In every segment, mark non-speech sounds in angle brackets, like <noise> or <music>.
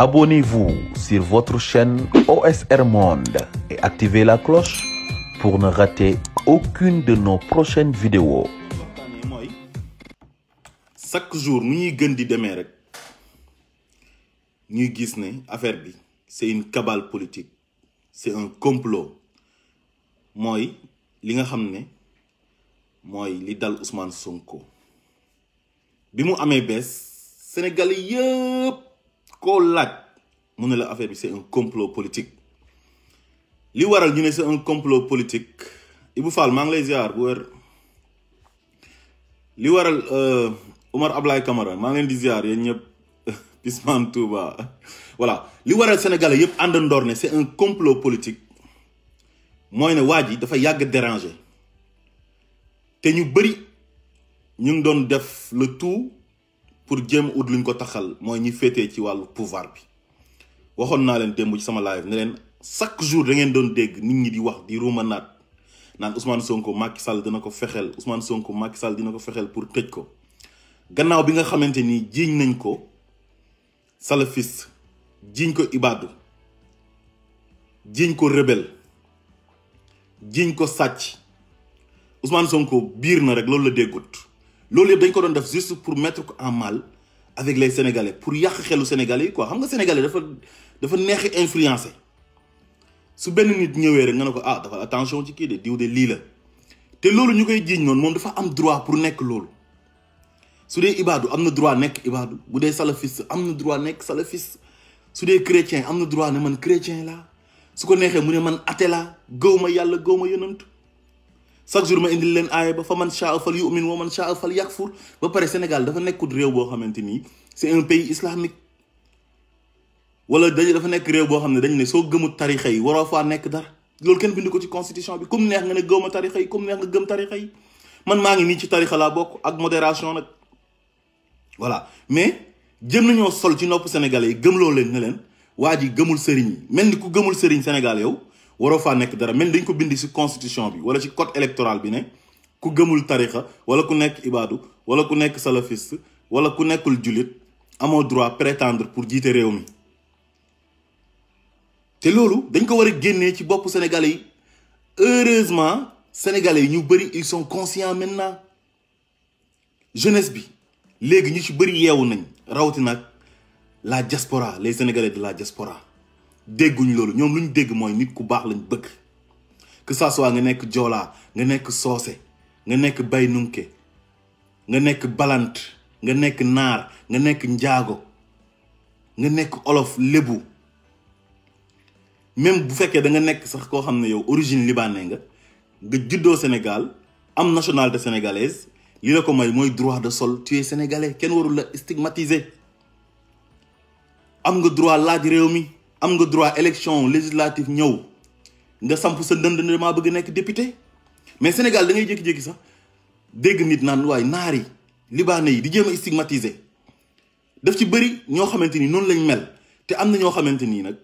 Abonnez-vous sur votre chaîne OSR Monde et activez la cloche pour ne rater aucune de nos prochaines vidéos. waxtaanee chaque jour nu ñuy gën di demee rek ñuy gis ne affaire bi c'est une cabale politique c'est un complot mooy li nga xam ne mooy li dal Ousmane Sonko bi mu amee bees Sénégalais yëpp. koo laaj mu ne la affaire bi c'est un complot politique li waral ñu ne c'est un complot politique Ibou Fall maa ngi lay ziar bu wér li waral euh, Omar Ablaye Camara maa ngi leen di ziar yéen ñëpp <laughs> Pisman Touba voilà li waral sénégalais yëpp àndandoor ne c'est un complot politique mooy ne waa ji dafa yàgg déranger te ñu bëri ñu ngi doon def le tout pour jéem ut luñ ko taxal mooy ñi féetee ci wàllu pouvoir bi waxoon naa leen démb ci sama live ne leen chaque jour da ngeen doon dégg nit ñi di wax di ruumanaat naan Ousmane Sonko Macky Sall dina ko fexeel Ousmane Sonko Macky Sall dina ko fexeel pour tëj ko gannaaw bi nga xamante ni jiiñ nañ ko salafiste jiiñ ko ibaadu jiiñ ko rebelle jiiñ ko sàcc Ousmane Sonko biir na rek loolu la déggut. loolu yëpp dañ ko doon def juste pour mettre ko en mal avec les sénégalais pour yàq xelu sénégalais yi quoi xam nga sénégalais dafa dafa neex influencer su benn nit ñëwee rek nga ne ko ah dafa attention ci kii de diw de lii la te loolu ñu koy jiiñ noonu moom dafa am droit pour nekk loolu su dee ibaadu am na droit nekk ibaadu bu dee salafiste am na droit nekk salafiste su dee chrétien am na droit ne man chrétien laa su ko neexee mu ne man athée laa gëw ma yàlla gëw ma chaque jour ma indil leen aaya ba fa man shaa fal yu'min wa man shaa fal yakfur ba pare Sénégal dafa nekkut réew boo xamante nii c'est un pays islamique wala dañu dafa nekk réew boo xam ne dañ ne soo gëmut tarixa yi waroo faa nekk dara loolu kenn bind ko ci constitution bi comme neex nga ne gëwma tarixa yi comme neex nga gëm tarixa yi man maa ngi nii ci tarixa laa bokk ak modération nag voilà mais jëm nañoo sol ci nopp sénégalais yi gëmloo leen na leen waa ji gëmul sëriñ yi mel ni ku gëmul sëriñ Sénégal yow waroo faa nekk dara mel dañ ko bind ci constitution bi wala ci code électoral bi ne ku gëmul tarixa wala ku nekk ibaadu wala ku nekk salafiste wala ku nekkul jullit amoo droit prétendre pour jiite réew mi te loolu dañ ko war a génnee ci bopp sénégalais yi heureusement sénégalais yi ñu bëri ils sont conscients maintenant jeunesse bi léegi ñu ci bëri yeewu nañ rawatina ak la diaspora les sénégalais de la diaspora dégguñ loolu ñoom lu ñu dégg mooy nit ku baax lañ bëgg que sa soit nga nekk joolaa nga nekk soose nga nekk bay nunke nga nekk balant nga nekk naar nga nekk njaago nga nekk olof lébu même bu fekkee da nga nekk sax koo xam ne yow origine libanais nga nga juddoo Sénégal am national de sénégalaise li la ko may mooy droit de sol tu es sénégalais kenn warul la stigmatiser am nga droit laaj réew mi am nga droit élection législative ñëw nga samp sa ndënd ne damaa bëgg nekk député mais Sénégal dangay ngay jékki-jékki sax dégg nit naan waaye naar yi libaane yi di jéem a stigmatiser daf ci bëri ñoo xamante ni noonu lañ mel te am na ñoo xamante nii nag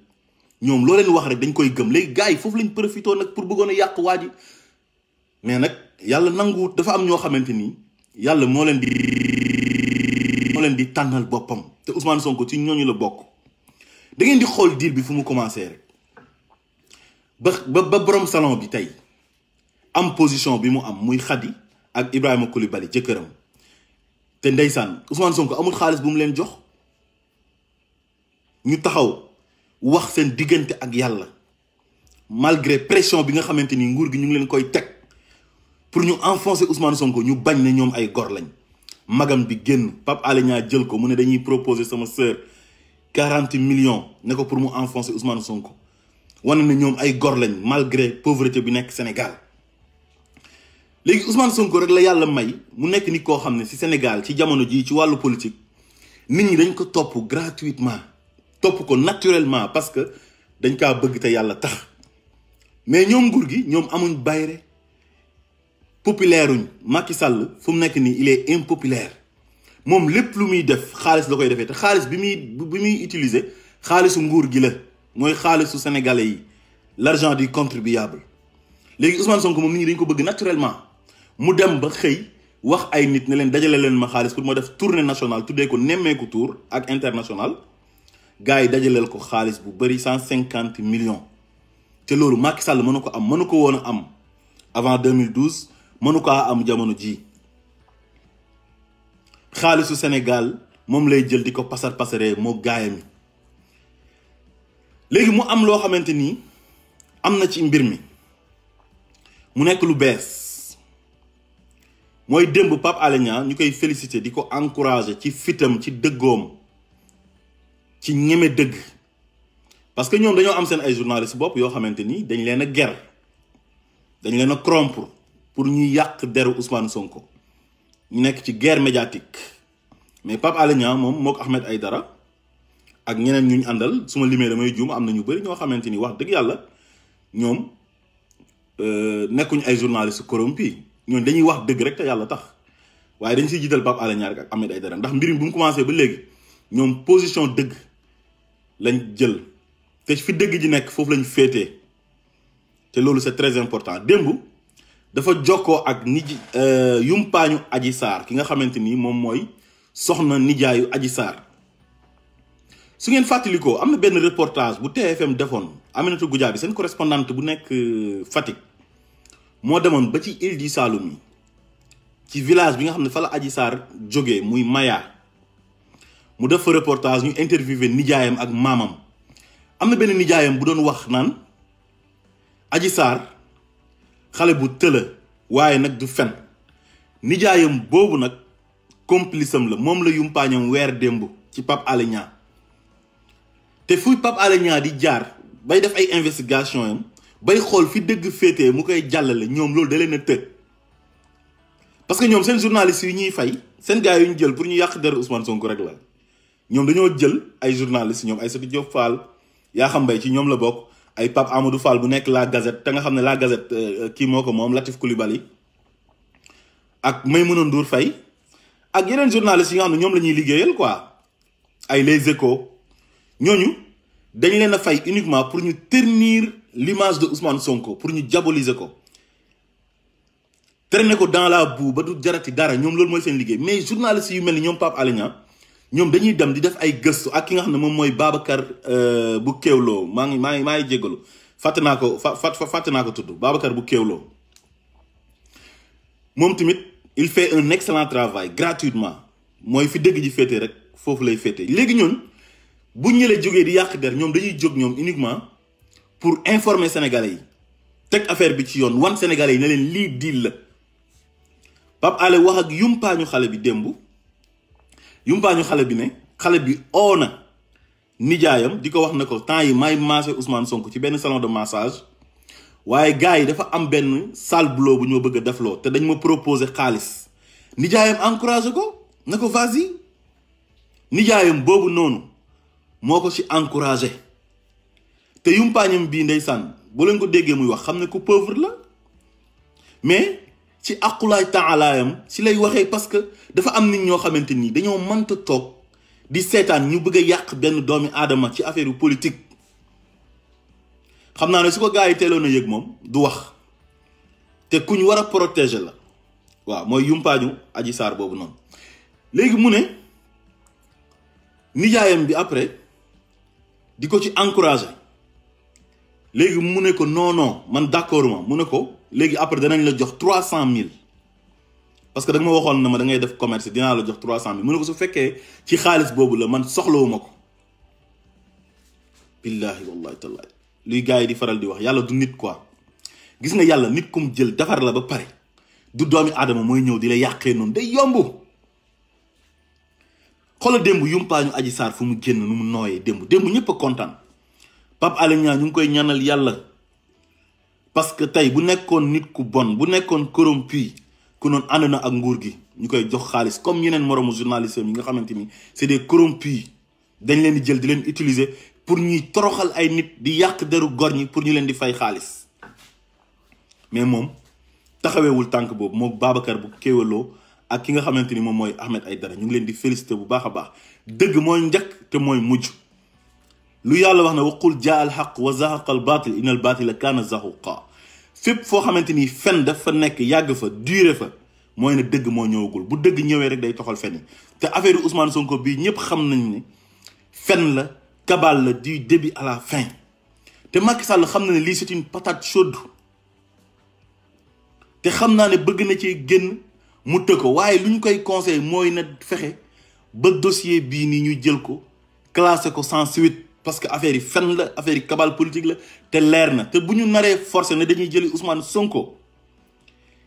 ñoom loo leen wax rek dañ koy gëm léegi gars yi foofu lañ profité nag pour bëggoon a yàq waa ji mais nag yàlla nanguwut dafa am ñoo xamante nii yàlla moo leen di moo leen di tànnal boppam te Ousmane Sonko ci ñooñu la bokk da ngeen di xool deal bi fu mu commencé rek ba ba ba salon bi tey am position bi mu am muy Khady ak Ibrahima Coulibaly jëkkëram te ndeysaan Ousmane Sonko amul xaalis bu mu leen jox ñu taxaw wax seen diggante ak yàlla malgré pression bi nga xamante ni nguur gi ñu ngi leen koy teg pour ñu enfoncer Ousmane Sonko ñu bañ ne ñoom ay gor lañ magam bi génn Pape Alé Niang jël ko mu ne dañuy proposer sama sœur. quarante millions ne ko pour mu enfoncer Ousmane Sonko wane na ñoom ay gor lañ malgré pauvreté bi nekk Sénégal léegi Ousmane Sonko rek la yàlla may mu nekk nit koo xam ne ci Sénégal ci jamono jii ci wàllu politique nit ñi dañ ko topp gratuitement topp ko naturellement parce que dañ kaa bëgg te yàlla tax mais ñoom nguur gi ñoom amuñ bayre populaire uñ Macky Sall fu mu nekk nii il est moom lépp lu muy def xaalis la koy defee te xaalis bi muy bi muy utiliser xaalisu nguur gi la mooy xaalisu sénégalais yi l'argent du contribuable léegi Ousmane Sonko moom nit ñi dañ ko bëgg naturellement mu dem ba xëy wax ay nit ne leen dajale leen ma xaalis pour ma def tournée nationale tuddee ko nemmeeku tour ak international gars yi dajaleel ko xaalis bu bëri cent cinquante millions te loolu Macky Sall mënu ko am mënu ko woon a am avant 2012 mënu ko am jamono ji xaalisu senegal moom lay jël di ko pasar pasaree moo gaayam yi léegi mu am loo xamante ni am na ci mbir mi mu nekk lu bees mooy démb Pape Alé ñu koy féliciter di ko encourager ci fitam ci dëggoom ci ñeme dëgg parce que ñoom dañoo am seen ay journalistes bopp yoo xamante nii dañ leen a ger dañ leen a corrompre pour ñuy yàq deru Ousmane Sonko ñu nekk ci guerre médiatique mais Pape Alé Niang moom mook Ahmed dara ak ñeneen ñu ñu àndal suma ma limee damay juum am na ñu bëri ñoo xamante ni wax dëgg yàlla ñoom euh, nekkuñ ay journaliste corrompu ñoom dañuy wax dëgg rek te yàlla tax waaye dañ si jiital Pape Alé Niang ak Ahmed dara ndax mbir bu mu commencé ba léegi ñoom position dëgg lañ jël te fi dëgg ji nekk foofu lañ féetee te loolu c'est très important démb. dafa jokkoo ak nij euh, yumpaañu aji saar ki nga xamante ni moom mooy soxna nijaayu aji saar su ngeen fàttalikoo am na benn reportage bu TFM defoon Aminata Goudiaby seen correspondante bu nekk euh, Fatick moo demoon ba ci île du Saloum yi ci village bi nga xam ne fala aji saar jógee muy Maya mu def fa reportage ñu interviewé nijaayam ak maamam am na benn nijaayam bu doon wax naan aji saar xale bu tëla waaye nag du fen nijaayam boobu nag complice la moom la yumpaañam weer démb ci Pape Alé te fuy Pape Alé di jaar bay def ay investigation yam bay xool fi dëgg féete mu koy jàllale ñoom loolu da leen të parce que ñoom seen journalistes yu ñuy fay seen gars yu ñu jël pour ñu yàq der Ousmane Sonko rek la ñoom dañoo jël ay journalistes ñoom Aïssatou Diop Fall yaa xam mbay ci ñoom la bokk ay Pape Amadou Fall bu nekk La Gazette te nga xam ne La Gazette euh, kii moo ko moom Latif Coulibaly ak may Maïmouna Ndour Faye ak yeneen journalistes yi nga xam ne ñoom la ñuy liggéeyal quoi ay Les Échos ñooñu dañ leen a fay uniquement pour ñu ternir l'image de Ousmane Sonko pour ñu diaboliser ko traîner ko dans la boue ba du jarati dara ñoom loolu mooy seen liggéey mais journalistes yu mel ni ñoom Pape Alé ñoom dañuy dem di def ay gëstu ak ki nga xam ne moom mooy Babacar euh, bu Kéwloo maa ngi maa ngi maa ngi jégalu fàtte naa ko fàtte naa ko tudd Babacar bu Kéwloo moom tamit il fait un excellent travail gratuitement mooy fi dëgg ji féete rek foofu lay féete léegi ñoon bu ñu jógee di yàq der ñoom dañuy jóg ñoom uniquement pour informer sénégalais yi teg affaire bi ci yoon wan sénégalais yi ne leen lii diil la Pape Alé wax ak yumpaañu xale bi démb. yumpaañu xale bi ne xale bi oo na nijaayam di ko wax na ko temps yi may maase Ousmane Sonko ci benn salon de massage waaye gars yi dafa am benn sale boulot bu ñoo bëgg a defloo te dañ ma proposer xaalis nijaayam encouragé ko na ko vas-y nijaayam boobu noonu moo ko si encouragé te yumpaañam bii ndeysaan bu leen ko déggee muy wax xam ne ku pauvre la mais ci aqulaay taalaayam si lay waxee parce que dafa am nit ñoo xamante nii dañoo mënta toog di seetaan ñu bëgg yàq benn doomi aadama ci affaire politique xam naa ne su ko gars yi teeloon a yëg moom du wax te ku ñu war a protéger la waaw mooy yumpaañu aji saar boobu noonu léegi mu ne nijaayam bi après di ko ci encourage léegi mu ne ko non man d'accord ma mu ne ko léegi après danañ la jox trois cent mille parce que da ma waxoon na ma da ngay def commerce dinaa la jox trois cent mille mu ne ko su fekkee ci xaalis boobu la man soxlawuma ko billaahi wallahi tallahi luy gars yi di faral di wax yàlla du nit quoi gis nga yàlla nit kum jël defar la ba pare du doomi aadama mooy ñëw di la yàqee noonu day yomb xoolal démb yumpaañu aji saar fu mu génn nu mu nooyee démb démb ñëpp a kontaan Pape Alé Niang ñu ngi koy ñaanal yàlla parce que tey bu nekkoon nit ku bon bu nekkoon corrompu ku noonu ànd na ak nguur gi ñu koy jox xaalis comme yeneen moroomu journaliste yi nga xamante ni c'est des corrompus dañ leen di jël di leen utiliser pour ñuy toroxal ay nit di yàq deru gor ñi pour ñu leen di fay xaalis mais moom taxaweewul tànk boobu moo Babacar bu kéwaloo ak ki nga xamante ni moom mooy Ahmed dara ñu ngi leen di félicité bu baax a baax dëgg mooy njëkk te mooy mujj lu yàlla wax ne waqul jaa al wa zahaqa al baatil inna al baatila kaana zahuqa fépp foo xamante ni fen dafa nekk yàgg fa duré fa mooy na dëgg moo ñëwagul bu dëgg ñëwee rek day toxal fen te affaire Ousmane Sonko bii ñëpp xam nañ ni fen la kabal la du début à la fin te Macky Sall xam na ne lii c'est une patate chaude te xam naa ne bëgg na ci génn mu të ko waaye lu ñu koy conseil mooy na fexe ba dossier bii nii ñu jël ko classé ko sans suite parce que affaire yi fen la affaire yi cabal politique la te leer na te bu ñu naree forcé na dañuy jëli Ousmane Sonko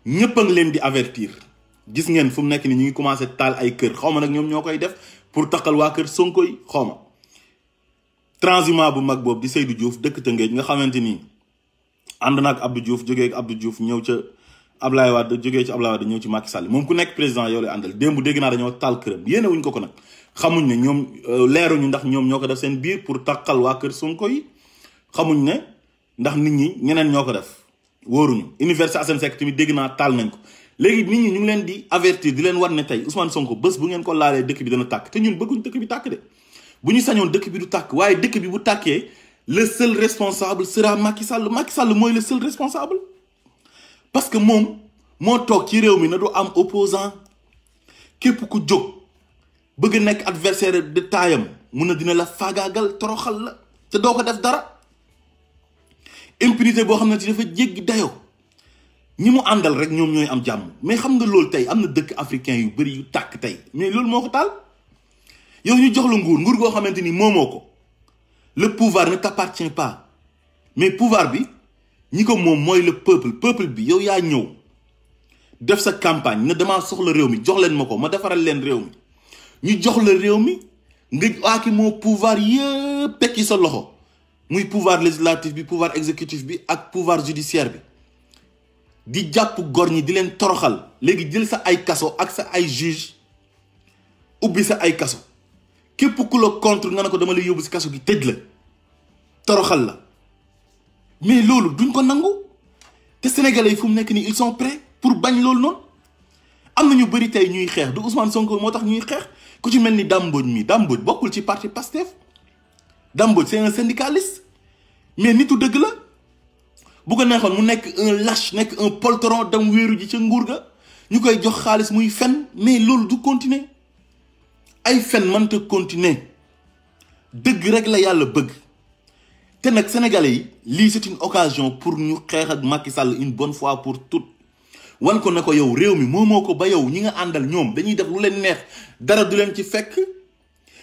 ñëpp a leen di avertir gis ngeen fu mu nekk nii ñu ngi commencé taal ay kër xaw ma nag ñoom ñoo koy def pour takkal waa kër Sonko yi xaw ma transhumant bu mag boobu di Seydou Diouf dëkk Tëngéej nga xamante ni ànd na ak Abdou Diouf jógee ak juuf ñëw ca Ablaye Wade jógee ci Ablaye Wade ñëw ci Macky Sall moom ku nekk président yow lay àndal démb dégg naa dañoo taal wuñ ko ko nag. xamuñ ne ñoom euh, leeruñu ndax ñoom ñoo ko def seen biir pour tàqal waa kër Sonko yi xamuñ ne ndax nit ñi ñeneen ñoo ko def wóoruñu université Assane Seck tamit dégg naa taal nañ ko léegi nit ñi ñu ngi leen di avertir di leen war ne tey Ousmane Sonko bés bu ngeen ko laalee dëkk bi dana tàkk te ñun bëgguñ dëkk bi tàkk de bu ñu sañoon dëkk bi du tàkk waaye dëkk bi bu tàkkee le seul responsable sera Macky Sall Macky Sall mooy le seul responsable parce que moom moo toog ci réew mi na du am opposant képp ku jóg bëgg nekk adversaire de taayam mun na dina la faagaagal toroxal la te doo ko def dara impunité boo xam ne ci dafa jéggi dayoo ñi mu àndal rek ñoom ñooy am jàmm mais xam nga loolu tey am na dëkk africain yu bëri yu tàkk tey mais loolu moo ko taal yow ñu jox la nguur nguur goo xamante ni moomoo ko le pouvoir ne t'appartient pas mais pouvoir bi ñi ko moom mooy le peuple peuple bi yow yaa ñëw def sa campagne ne damaa soxla réew mi jox leen ma ko ma defaral leen réew ñu jox la réew mi nga waaki moo pouvoir yëpp teg ci sa loxo muy pouvoir législatif bi pouvoir exécutif bi ak pouvoir judiciaire bi di jàpp gor ñi di leen toroxal léegi jël sa ay kaso ak sa ay juge ubbi sa ay kaso képp ku contre nga ne ko dama lay yóbbu si kaso gi tëj la toroxal la mais loolu duñ ko nangu te sénégalais yi fu mu nekk nii ils sont prêts pour bañ loolu noonu am na ñu bëri tey ñuy xeex du Ousmane Sonko moo tax ñuy xeex ku ci mel ni Dame mii mi bokkul ci parti Pastef Dame seen c'est un syndicaliste mais nitu dëgg la bu ko neexoon mu nekk un lâche nekk un poltron dem wéeru ji ca nguur ga ñu koy jox xaalis muy fen mais loolu du continuer ay fen mante continuer dëgg rek la yàlla bëgg te nag sénégalais yi lii c'est une occasion pour ñu xeex ak Macky Sall une bonne fois pour toutes wan ko na ko yow réew mi moomoo ko ba yow ñi nga àndal ñoom dañuy def lu leen neex dara du leen ci fekk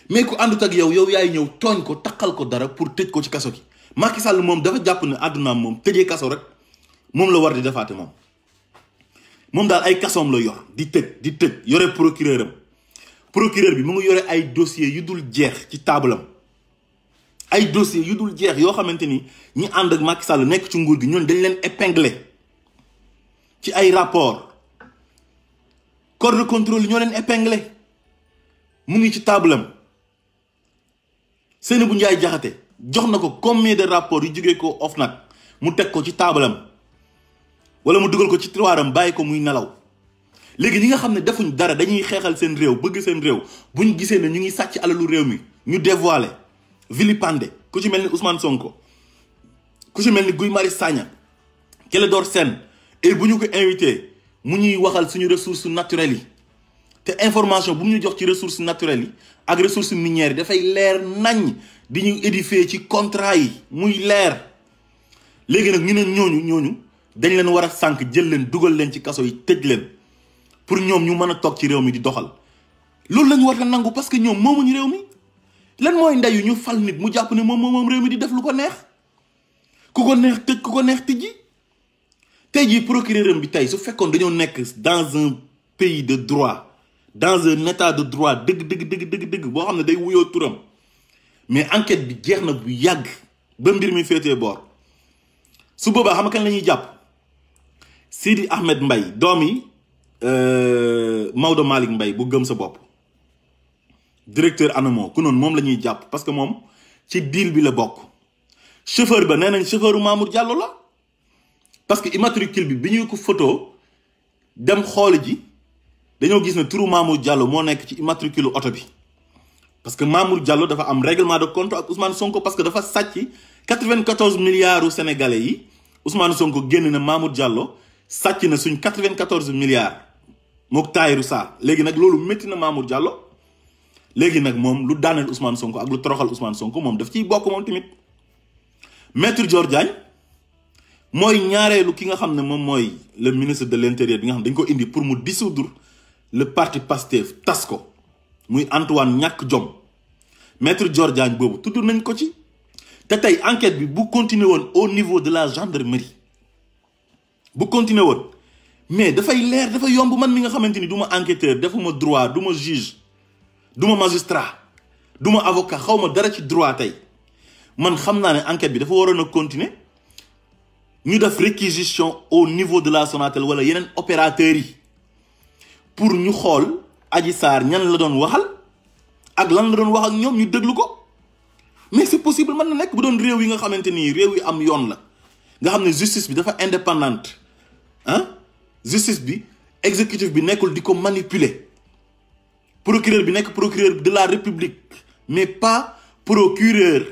mais ku àndut ak yow yow yaay ñëw tooñ ko taqal ko dara pour tëj ko ci kaso gi Macky Sall moom dafa jàpp ne àddunaam moom tëjee kaso rek moom la war di defaate moom moom daal ay kasoom la yor di tëj di tëj yore procureur am procureur bi mu ngi ay dossiers yu dul jeex ci taabalam ay dossiers yu dul jeex yoo xamante ni ñi ànd ak Macky Sall nekk ci nguur gi ñoon dañu leen épinglé ci ay rapport corps de contrôle ñoo leen épinglé mu ngi ci taabalam Seynabou Ndiaye jaxate jox na ko combien de rapport yu jógee ko nag mu teg ko ci taabalam wala mu dugal ko ci tiroiram bàyyi ko muy nelaw léegi ñi nga xam ne defuñ dara dañuy xeexal seen réew bëgg seen réew buñ gisee ne ñu ngi sàcc alalu réew mi ñu dévoilé vilipande ku ci mel ni Ousmane Sonko ku ci mel ni Guy Marius Sagna Clédor seen et bu ñu ko invité mu ñuy waxal suñu ressources naturelles yi te information bu mu ñu jox ci ressource naturelles yi ak ressources minières yi dafay leer nañ di ñu édifier ci contrat yi muy leer léegi nag ñu ne ñooñu ñooñu dañ leen war a sànq jël leen dugal leen ci kaso yi tëj leen pour ñoom ñu mën a toog ci réew mi di doxal loolu lañu war a nangu parce que ñoom moomuñu réew mi lan mooy ndeyu ñu fal nit mu jàpp ne moom moom réew mi di def lu ko neex ku ko neex tëj ko neex tëjji tey jii procureur bi tey su fekkoon dañoo nekk dans un pays de droit dans un état de droit dëgg dëgg dëgg dëgg boo xam ne day wuyoo turam mais enquête bi jeex na bu yàgg ba mbir mi féetee boor su boobaa xam nga kan la ñuy jàpp Sidi Ahmed mbay doom yi euh, Maodo Malick Mbaye bu gëm sa bopp directeur ANAMO ku noonu moom la ñuy jàpp parce que moom ci deal bi la bokk chauffeur ba nee nañ chauffeuru Mamour la. parce que immatricule bi bi ñu ko photo dem xool ji dañoo gis ne turu Mamour Diallo moo nekk ci immatricule oto bi parce que Mamour Diallo dafa am règlement de compte ak Ousmane Sonko parce que dafa sàcc 94 milliards sénégalais yi usmaan Sonko génn na Mamour Diallo sàcc na suñ 94 milliards mook Tahirou Sarr léegi nag loolu métti na Mamour Diallo léegi nag moom lu daaneel usmaan Sonko ak lu toroxal Ousmane Sonko moom daf ciy bokk moom tamit maître Dior mooy ñaareelu ki nga xam ne moom mooy le ministre de l'intérieur bi nga xam dañ ko indi pour mu dissoudre le parti Pastef tas ko muy Antoine ñàkk jom maître Dior Diagne boobu tudd nañ ko ci te tey enquête bi bu continuer woon au niveau de la gendarmerie bu continuer woon mais dafay leer dafa yomb man mi nga xamante ni du ma enquêteur defuma droit duma ma juge du ma magistrat du ma avocat xaw ma dara ci droit tey man xam naa ne enquête bi dafa waroon a continuer ñu def réquisition au niveau de la Sonatel wala yeneen opérateurs yi pour ñu xool aji Sarr ñan la doon waxal ak lan la doon wax ak ñoom ñu déglu ko mais c'est possible mën na nekk bu doon réew yi nga xamante nii réew yi am yoon la nga xam ne justice bi dafa indépendante ah justice bi exécutif bi nekkul di ko manipuler procureur bi nekk procureur de la république mais pas procureur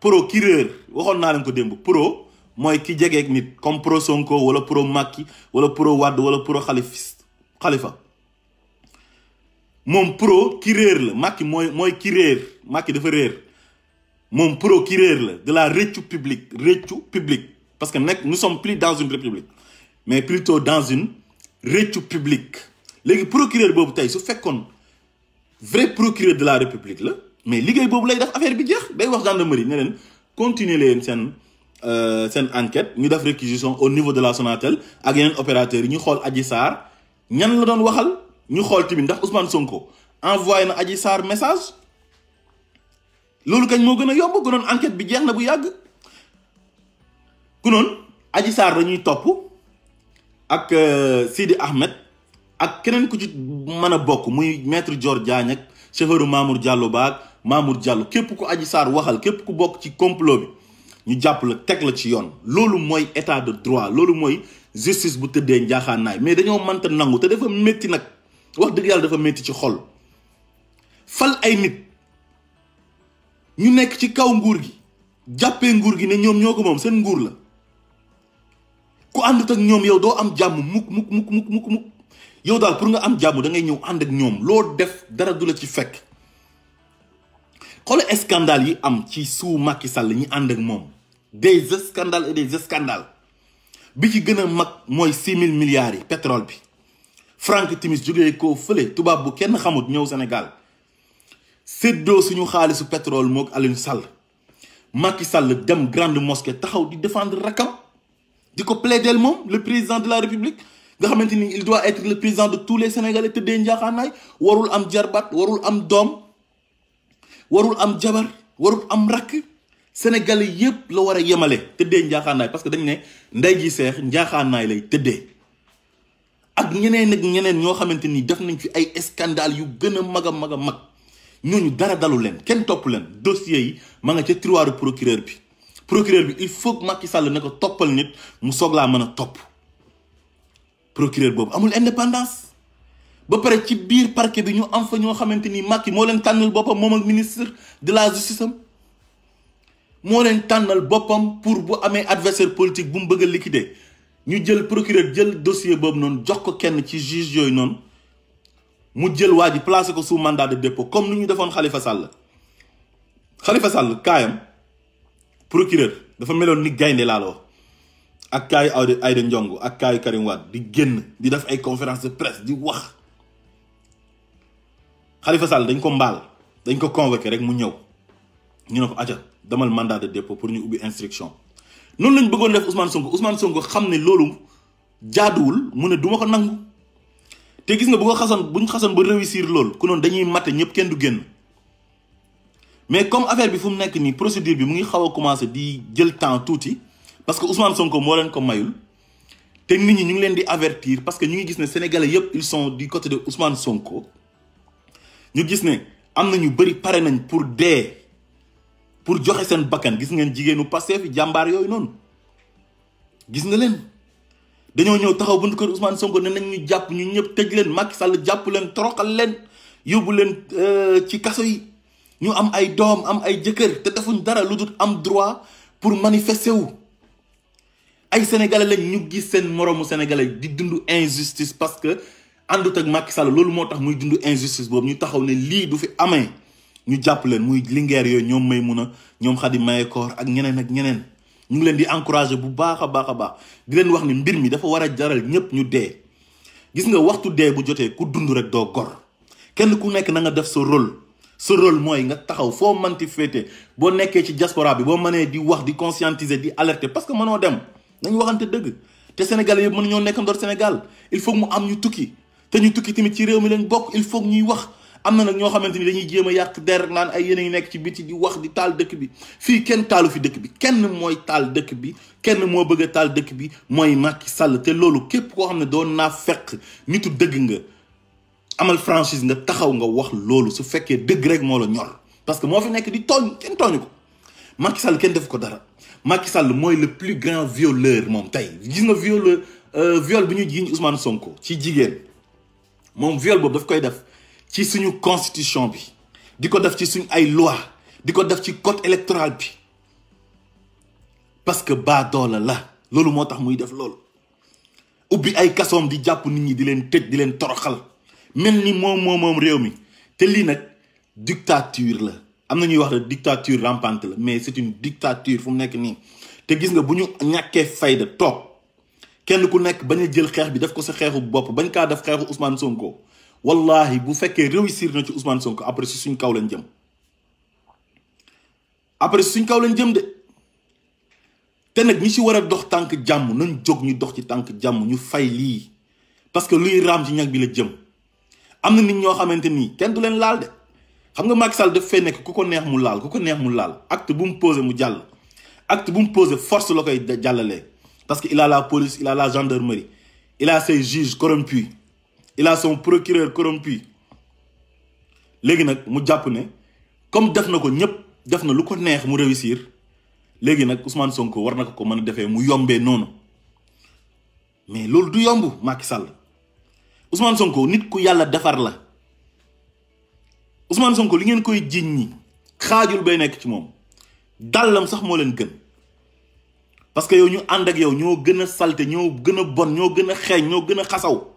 procureur waxoon naa leen ko démb pro mooy ki jegeeg nit comme pro Sonko wala pro Macky wala pro Wade wala pro xalifis xalifa moom pro ki réer la Macky mooy mooy ki réer Macky dafa réer moom pro ki réer la de la réccu publique réccu publique parce que nag nous sommes plus dans une république mais plutôt dans une réccu publique léegi procureur boobu tey su fekkoon vrai procureur de la république la mais liggéey boobu lay def affaire bi jeex day wax gendarmerie ne leen continuer leen seen Euh, seen enquête ñu def réquisition au niveau de la Sonatel ak yeneen opérateurs yi ñu xool aji saar ñan la doon waxal ñu xool tamit ndax Ousmane Sonko envoyé na aji Sarr message loolu kañ moo gën a yomb ku noonu enquête bi jeex na bu yàgg ku noonu Adji Sarr dañuy topp ak euh, Sidi Ahmed ak keneen ku ci mën a bokk muy maître Dior Diagne ak chauffeur Mamour Diallo baag Mamour Diallo képp ku Adji Sarr waxal képp ku bokk ci complot bi ñu jàpp la teg la ci yoon loolu mooy état de droit loolu mooy justice bu tëddee njaaxaan naay mais dañoo mënta nangu te dafa métti nag wax dëgg yàlla dafa métti ci xol fal ay nit ñu nekk ci kaw nguur gi jàppee nguur gi ne ñoom ñoo ko moom seen nguur la ku ànd ak ñoom yow doo am jàmm mukk mukk mukk mukk mukk yow daal pour nga am jàmm dangay ñëw ànd ak ñoom loo def dara du la ci fekk xoolal scandale yi am ci suu Macky Sall ñi ànd ak moom des scandales et des scandales bi ci gën a mag mooy six mille milliards yi pétrole bi Frank Timis jógee ko fële tubaab bu kenn xamut ñëw Sénégal séddoo suñu xaalisu pétrole mook Alioune Sall Macky Sall dem grande mosquée taxaw di défendre rakam di ko plaidel moom le président de la république nga xamante ni il doit être le président de tous les sénégalais tëddee njaaxaanaay warul am jarbaat warul am doom warul am jabar warul am rakk sénégalais yépp la war a yemale tëddee njaaxaanaay parce que dañ ne nday ji seex njaaxaanaay lay tëdde ak ñeneen ak ñeneen ñoo xamante ni def nañ fi ay scandale yu gën a mag a mag a mag ñooñu dara dalu leen kenn topp leen dossier yi ma nga ci tiroiru procureur bi procureur bi il faut que Macky Sall ne ko toppal nit mu soog laa mën a topp procureur boobu amul indépendance ba pare ci biir parquet bi ñu am fa ñoo xamante ni Macky moo leen tànnal boppam moom ak ministre de la justice am moo leen tànnal boppam pour bu amee adversaire politique bu mu bëgg a liquider ñu jël procureur jël dossier boobu noonu jox ko kenn ci juge yooyu noonu mu jël waa ji placé ko sous mandat de dépôt comme ni ñu defoon Khalifa Sall Khalifa Sall kaayam procureur dafa meloon ni gaynde laa la wax ak kaayu Aïda Ndiongue ak kaayu Karim di génn di def ay conférence de di wax Khalifa Sall dañ ko mbaal dañ ko convoqué rek mu ñëw ñu ne ko aja demal mandat de dépôt pour ñu ubbi instruction noonu lañ bëggoon def Ousmane Sonko Ousmane Sonko xam ne loolu jaaduwul mu ne du ma ko nangu te gis nga bu ko xasoon bu ñu xasoon ba réussir lool ku noonu dañuy matte ñëpp kenn du génn mais comme affaire bi fu mu nekk nii procédure bi mu ngi xaw a commencé di jël temps tuuti parce que Ousmane Sonko moo leen ko mayul te nit ñi ñu ngi leen di avertir parce que ñu ngi gis ne sénégalais yëpp ils sont côté de Sonko. ñu gis ne am na ñu bëri pare nañ pour dee pour joxe seen bakkan gis ngeen jigéenu Pastef yi jàmbaar yooyu noonu gis nga leen dañoo ñëw taxaw buntu kër Ousmane Sonko ne nañ ñu jàpp ñu ñëpp tëj leen Macky Sall jàpp leen toroxal leen yóbbu leen euh, ci kaso yi ñu am ay doom am ay jëkkër te defuñ dara lu dul am droit pour manifester wu ay sénégalais lañ ñu gis seen moroomu sénégalais di dund injustice parce que àndut ak Macky loolu moo tax muy dund injustice boobu ñu taxaw ne lii du fi amee ñu jàpp leen muy lingeer yooyu ñoom may mun a ñoom xadi mayekoor ak ñeneen ak ñeneen ñu ngi leen di encourager bu baax a baax a baax di leen wax ni mbir mi dafa war a jaral ñëpp ñu dee gis nga waxtu dee bu jotee ku dund rek doo gor kenn ku nekk na nga def sa rôle sa rôle mooy nga taxaw foo manti féete boo nekkee ci diaspora bi boo mënee di wax di conscientiser di alerter parce que mënoo dem nañ waxante dëgg te Sénégalais yëpp mën ñoo nekk ndoor Sénégal il faut mu am ñu tukki te ñu tukki tamit ci réew mi lañ bokk il faut ñuy wax am na nag ñoo xamante ni dañuy jéem a yàq der naan ay yeneen yu nekk ci biti di wax di taal dëkk bi fii kenn taalu fi dëkk bi kenn mooy taal dëkk bi kenn moo bëgg a taal dëkk bi mooy Macky sàll te loolu képp koo xam ne doon naa ñu nitu dëgg nga amal franchise nga taxaw nga wax loolu su fekkee dëgg rek moo la ñor parce que moo fi nekk di tooñ kenn tooñu ko Macky Sall kenn def ko dara Macky sàll mooy le plus grand violeur moom tey gis nga violeur euh, viol bi ñu jiiñ Ousmane Sonko ci jigéen. moom viol boobu daf koy def ci suñu constitution bi di ko def ci suñu ay loi di ko def ci code électoral bi parce que baadoola la loolu moo tax muy def loolu ubbi ay kasoom di jàpp nit ñi di leen tëj di leen toroxal mel ni moom moom réew mi te lii nag dictature la am na ñuy wax ne dictature rampante la mais c'est une dictature fu mu nekk nii te gis nga bu ñu ñàkkee fayda toog kenn ku nekk bañ a jël xeex bi def ko sa xeexu bopp bañ kaa def xeexu Ousmane Sonko wallahi bu fekkee réussir na ci usman Sonko après si suñ kaw lañ jëm après suñ kaw lañ jëm de te nag ñi si war a dox tànk jàmm nañ jóg ñu dox ci tànk jàmm ñu fay lii parce que luy raam ci ñag bi la jëm am na nit ñoo xamante nii kenn du leen laal de xam nga Macky Sall daf fee nekk ku ko neex mu laal ku ko neex mu laal acte bu mu posé mu jàll acte bu mu posé force la koy jàllalee. parce qu'il a la police, il a la gendarmerie, il a ses juges corrompus, il a son procureur corrompu léegi nag mu jàpp ne comme def na ko ñëpp def na lu ko neex mu réussir léegi nag Ousmane Sonko war na ko ko mën a defee mu yombee noonu mais loolu du yomb Macky Sall Ousmane Sonko nit ku yàlla defar la Ousmane Sonko li ngeen koy jiiñ ñi xaajul bay nekk ci moom dàllam sax moo leen gën. parce que yow ñu ànd ak yow ñoo gën a salte ñoo gën a bon ñoo gën a xeeñ ñoo gën a xasaw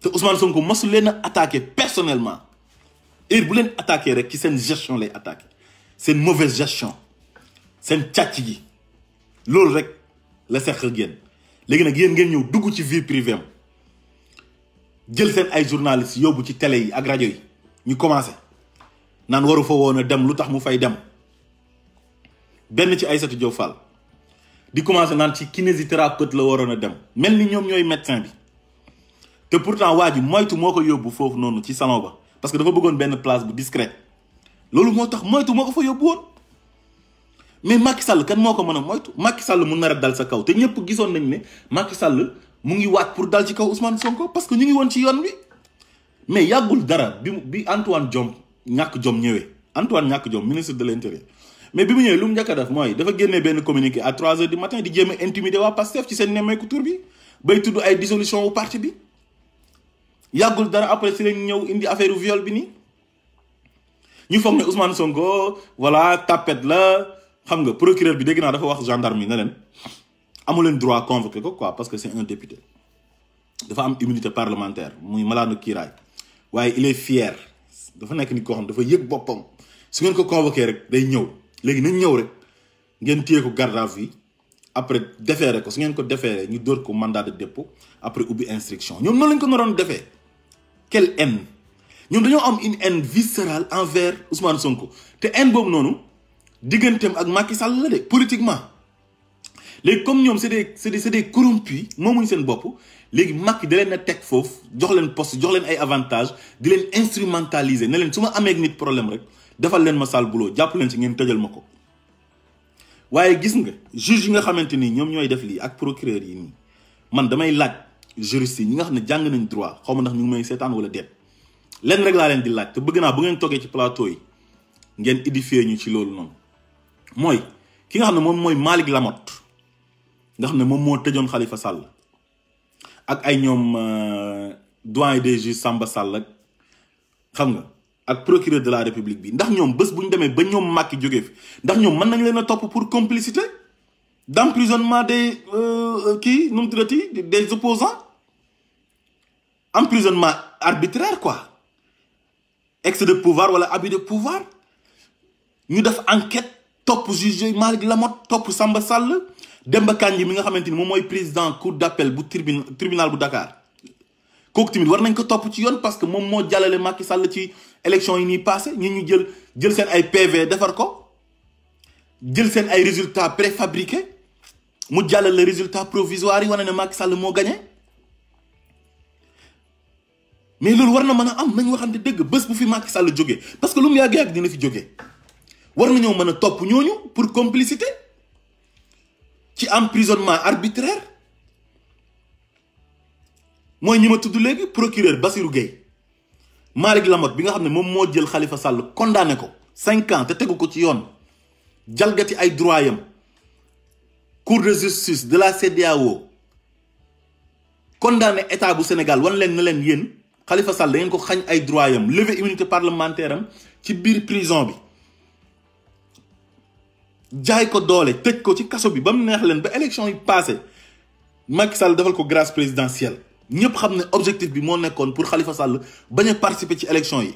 te Ousmane Sonko masu leen a attaqué personnellement heure bu leen attaqué rek ci seen gestion lay attaqué seen mauvaise gestion seen càcc gi loolu rek la seq ak yéen léegi nag yéen ngeen ñëw dugg ci vie privée am jël seen ay journalistes yóbbu ci tele yi ak rajo yi ñu commencé naan waru fa woon a dem lu tax mu fay dem. benn ci Aïssatou Diop Fall di commencé naan ci kinésithérapeute la waroon a dem mel ni ñoom ñooy médecin bi te pourtant waa ji moytu moo ko yóbbu foofu noonu ci salon ba parce que dafa bëggoon benn place bu discret loolu moo tax moytu moo ko fa yóbbu woon mais Macky Sall kan moo ko mën a moytu màkki Sall mu nar dal sa kaw te ñëpp gisoon nañ ne Macky Sall mu ngi waat pour dal ci kaw Ousmane Sonko parce que ñu ngi woon ci yoon wi mais yàggul dara bi bi Antoine Diome ñàkk Diome ñëwee Antoine ñàkk Diome ministre de l'intérieur mais bi mu ñëwee lu mu njëkk a mooy dafa génnee benn communiqué à 3 heures du matin di jéem a intimider waa Pastef ci seen nemmeeku tur bi bay tudd ay dissolution wu parti bi yàggul dara après si leen ñëw indi affaire viol bi nii ñu foog ne Ousmane Sonko voilà tapet la xam nga procureur bi dégg naa dafa wax gendarme yi ne leen amu leen droit convoquer ko quoi parce que c'est un député dafa am immunité parlementaire muy malaanu kiiraay waaye il est dafa nekk nit koo xam dafa yëg boppam su ngeen ko convoquer rek day ñëw. léegi nañ ñëw rek ngeen téye ko garde à vue après déféré ko su ngeen ko déféré ñu dóor ko mandat de dépôt après ubbi instruction ñoom noonu lañ ko doon defee quelle haine ñoom dañoo am une haine viscérale envers Ousmane Sonko te haine boobu noonu digganteem ak Macky Sall la de politiquement léegi comme ñoom c'est des c'est des c'est moo corrompus seen bopp léegi Macky da leen a teg foofu jox leen poste jox leen ay avantages di leen instrumentaliser ne leen su ma amee nit problème rek. defal leen ma sale boulot jàpp leen ci ngeen tëjal ma ko waaye gis nga juge yi nga xamante ni ñoom ñooy def lii ak procureur yi nii man damay laaj juriste yi ñi nga xam ne jàng nañ droit xaw ma ndax ñu ngi may seetaan wala déet leen rek laa leen di laaj te bëgg naa bu ngeen toggee ci plateau yi ngeen édifier ñu ci loolu noonu mooy ki nga xam ne moom mooy Malick Lamotte nga xam ne moom moo tëjoon xalifa Sall ak ay ñoom euh, doyen des juges Samba Sall ak xam nga ak procureur de la république bi ndax ñoom bés bu ñu demee ba ñoom Macky jógee fi ndax ñoom mën nañ leen a topp pour complicité d' emprisonnement des euh, euh, kii nu mu tuddati des opposants emprisonnement arbitraire quoi excès de pouvoir wala abus de pouvoir ñu def enquête topp juge la Lamotte topp Samba Sall Demba Kandji mi nga xamante ni moom mooy président cour d' appel bu tribunal bu dakaar kooku tamit war nañ ko topp ci yoon parce que moom moo jàllale Macky Sall ci élection yi nii passé ñun ñu jël jël seen ay PV defar ko jël seen ay résultats préfabriqués mu jàllale résultat provisoires yi wane ne Macky Sall moo gagné mais loolu war na mën a am nañ waxante dëgg bés bu fi Macky Sall jóge parce que lu mu yàgg-yàgg dina fi jóge war nañoo mën a topp ñooñu pour complicité ci emprisonnement arbitraire mooy ñi ma tudd léegi procureur Bassirou Gueye Malick Lamotte bi nga xam ne moom moo jël xalifa Sall condamné ko cinq te tegu ko ci yoon jalgati ay droit yam cour de justice de la CEDEAO condamné état bu Sénégal wan leen na leen yéen xalifa Sall da ko xañ ay droit yam levé immunité parlementaire am ci biir prison bi jaay ko doole tëj ko ci kaso bi ba mu neex leen ba élection yi passé Macky Sall defal ko grâce présidentielle ñëpp xam ne objectif bi moo nekkoon pour Khalifa Sall bañ a participer ci élection yi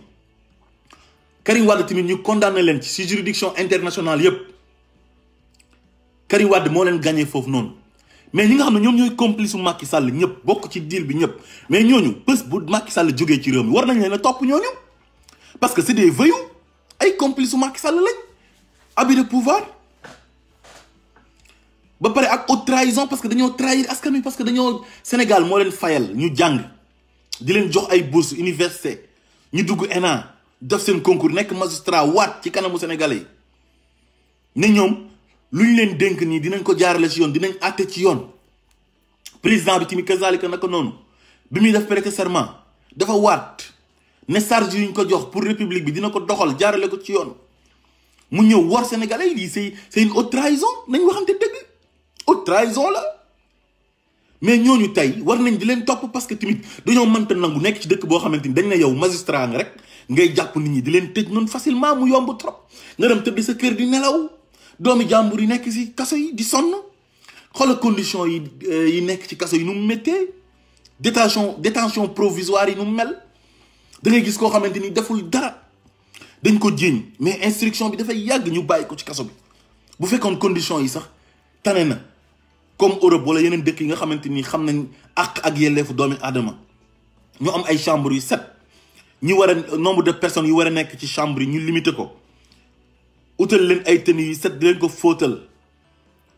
Karim Wade tamit ñu condamné leen ci si juridiction internationale yëpp Karim moo leen gagné foofu noonu mais ñi nga xam ne ñoom ñooy complice bu Macky Sall ñëpp bokk ci deal bi ñëpp mais ñooñu bés bu Macky Sall jógee ci réew mi war nañ leen a topp ñooñu parce que c'est des voyous ay complice su Macky Sall lañ abus de pouvoir. ba pare ak haute trahison parce que dañoo trahir askan wi parce que dañoo Sénégal moo leen fayal ñu jàng di leen jox ay bourse université ñu dugg ENA def seen concours nekk magistrat waat ci kanamu sénégalais yi ne ñoom lu ñu leen dénk nii dinañ ko jaarale ci yoon dinañ àtte ci yoon président bi tamit kazalika naka noonu bi muy def prêter serment dafa waat ne charge yuñ ko jox pour république bi dina ko doxal jaarale ko ci yoon mu ñëw war sénégalais yi lii c'est haute trahison la mais ñooñu tey war nañ di leen topp parce que tamit dañoo mënta nangu nekk ci dëkk boo xamante ni dañ na yow magistrat nga rek ngay jàpp nit ñi di leen tëj noonu facilement mu yomb trop nga dem tëdd sa kër di nelaw doomi jàmbur yi nekk ci kaso yi di sonn xoolal condition yi euh, yi nekk ci kaso yi nu mu méttee détention détention provisoire yi nu mel da gis koo xamante ni deful dara dañ ko jéñ mais instruction bi dafay yàgg ñu bàyyi ko ci kaso bi bu fekkoon condition yi sax tane na comme Europe wala yeneen dëkk yi nga xamante ni xam nañ àq ak yelleefu doomi aadama ñu am ay chambre yu set ñu war a nombre de personnes yu war a nekk ci chambre yi ñu limité ko utal leen ay tenue yu set di leen ko fóotal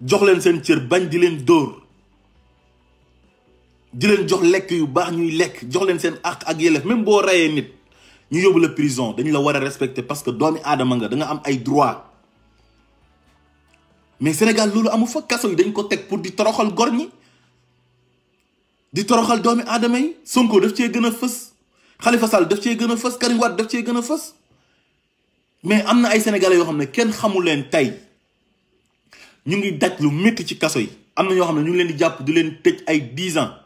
jox leen seen cër bañ di leen dóor di leen jox lekk yu baax ñuy lekk jox leen seen àq ak yelleef même boo reyee nit ñu yóbbu la prison dañu la war a respecté parce que doomi aadama nga da am ay droit mais Sénégal loolu amul fa kaso yi dañ ko teg pour di toroxal gor ñi di toroxal doomi aadama yi Sonko daf cee gën a fës Khalifa Sall daf cee gën a fës Karim Wade daf cee gën a fës mais am na ay sénégalais yoo xam ne kenn xamul leen tey ñu ngi daj lu métti ci kaso yi am na ñoo xam ne ñu ngi leen di jàpp du leen tëj ay dix ans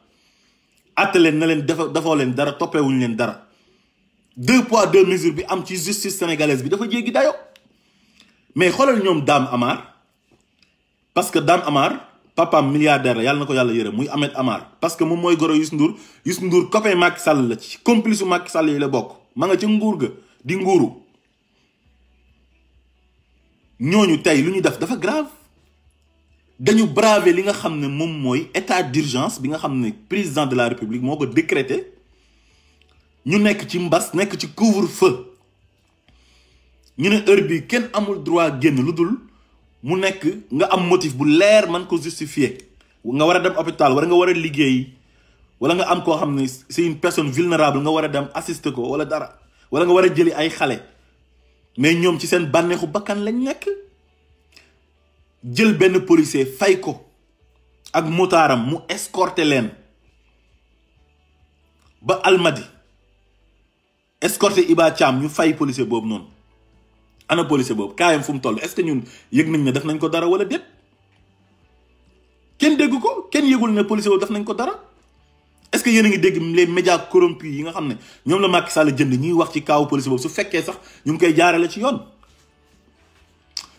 atte leen na leen dafa dafoo leen dara toppewuñu leen dara deux poids deux mesures bi am ci justice sénégalaise bi dafa jéggi dayo mais xoolal ñoom Dame Amar parce que Dame Amar papaam milliardaire la yàlla na ko yàlla yërëm muy Ahmed Amar parce que moom mooy goro Youssou Ndour Youssou Ndour copain Macky Sall la ci complice u Macky Sall yi la bokk ma nga ca nguur ga di nguuru ñooñu tey lu ñu def dafa grave dañu braver li nga xam ne moom mooy état d'urgence bi nga xam ne président de la république moo ko décrété ñu nekk ci mbas nekk ci couvre-feu ñu ne heure bi kenn amul droit génn lu dul mu nekk nga am motif bu leer man ko justifier nga war a dem hôpital wala nga war a liggéey wala nga am koo xam ni c'est une personne vulnérable nga war a dem assister ko wala dara wala nga war a jëli ay xale mais ñoom ci seen bànneexu bakkan lañ nekk jël benn policier fay ko ak motaaram mu escorter leen ba Almadi escorter Iba ñu fay policier boobu noonu ana policier boobu kaayam fu mu toll est-ce que ñun yëg nañ ne def nañ ko dara wala déet kenn dégg ko kenn yëgul ne policier boobu def nañ ko dara est-ce que yën a ngi dégg leen médias corrompus yi nga xam ne ñoom la Macky Sall jënd ñuy wax ci kaawu policier boobu su fekkee sax ñu ngi koy jaarale ci yoon.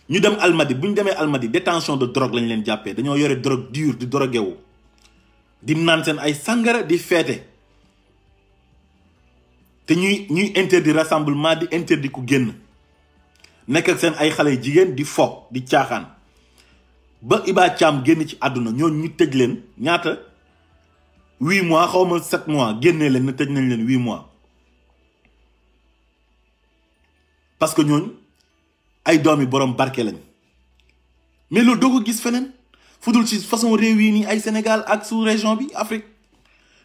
ñu dem Almadi bu ñu demee Almadi détention de drogue lañ leen jàppee dañoo yore drogue dure di drogué wu di naan seen ay sangara di feete te ñuy ñuy interdit rassemblement di interdit ku génn. nekk ak seen ay xale jigéen di foog di caaxaan ba Iba Thiam génn ci àdduna ñooñu ñu tëj leen ñaata huit mois xaw ma sept mois génnee leen ne tëj nañ leen huit mois parce que ñooñ ay doom yi borom barke lañ mais loolu doo ko gis feneen fudul ci façon réew yi nii ay Sénégal ak sous région bi Afrique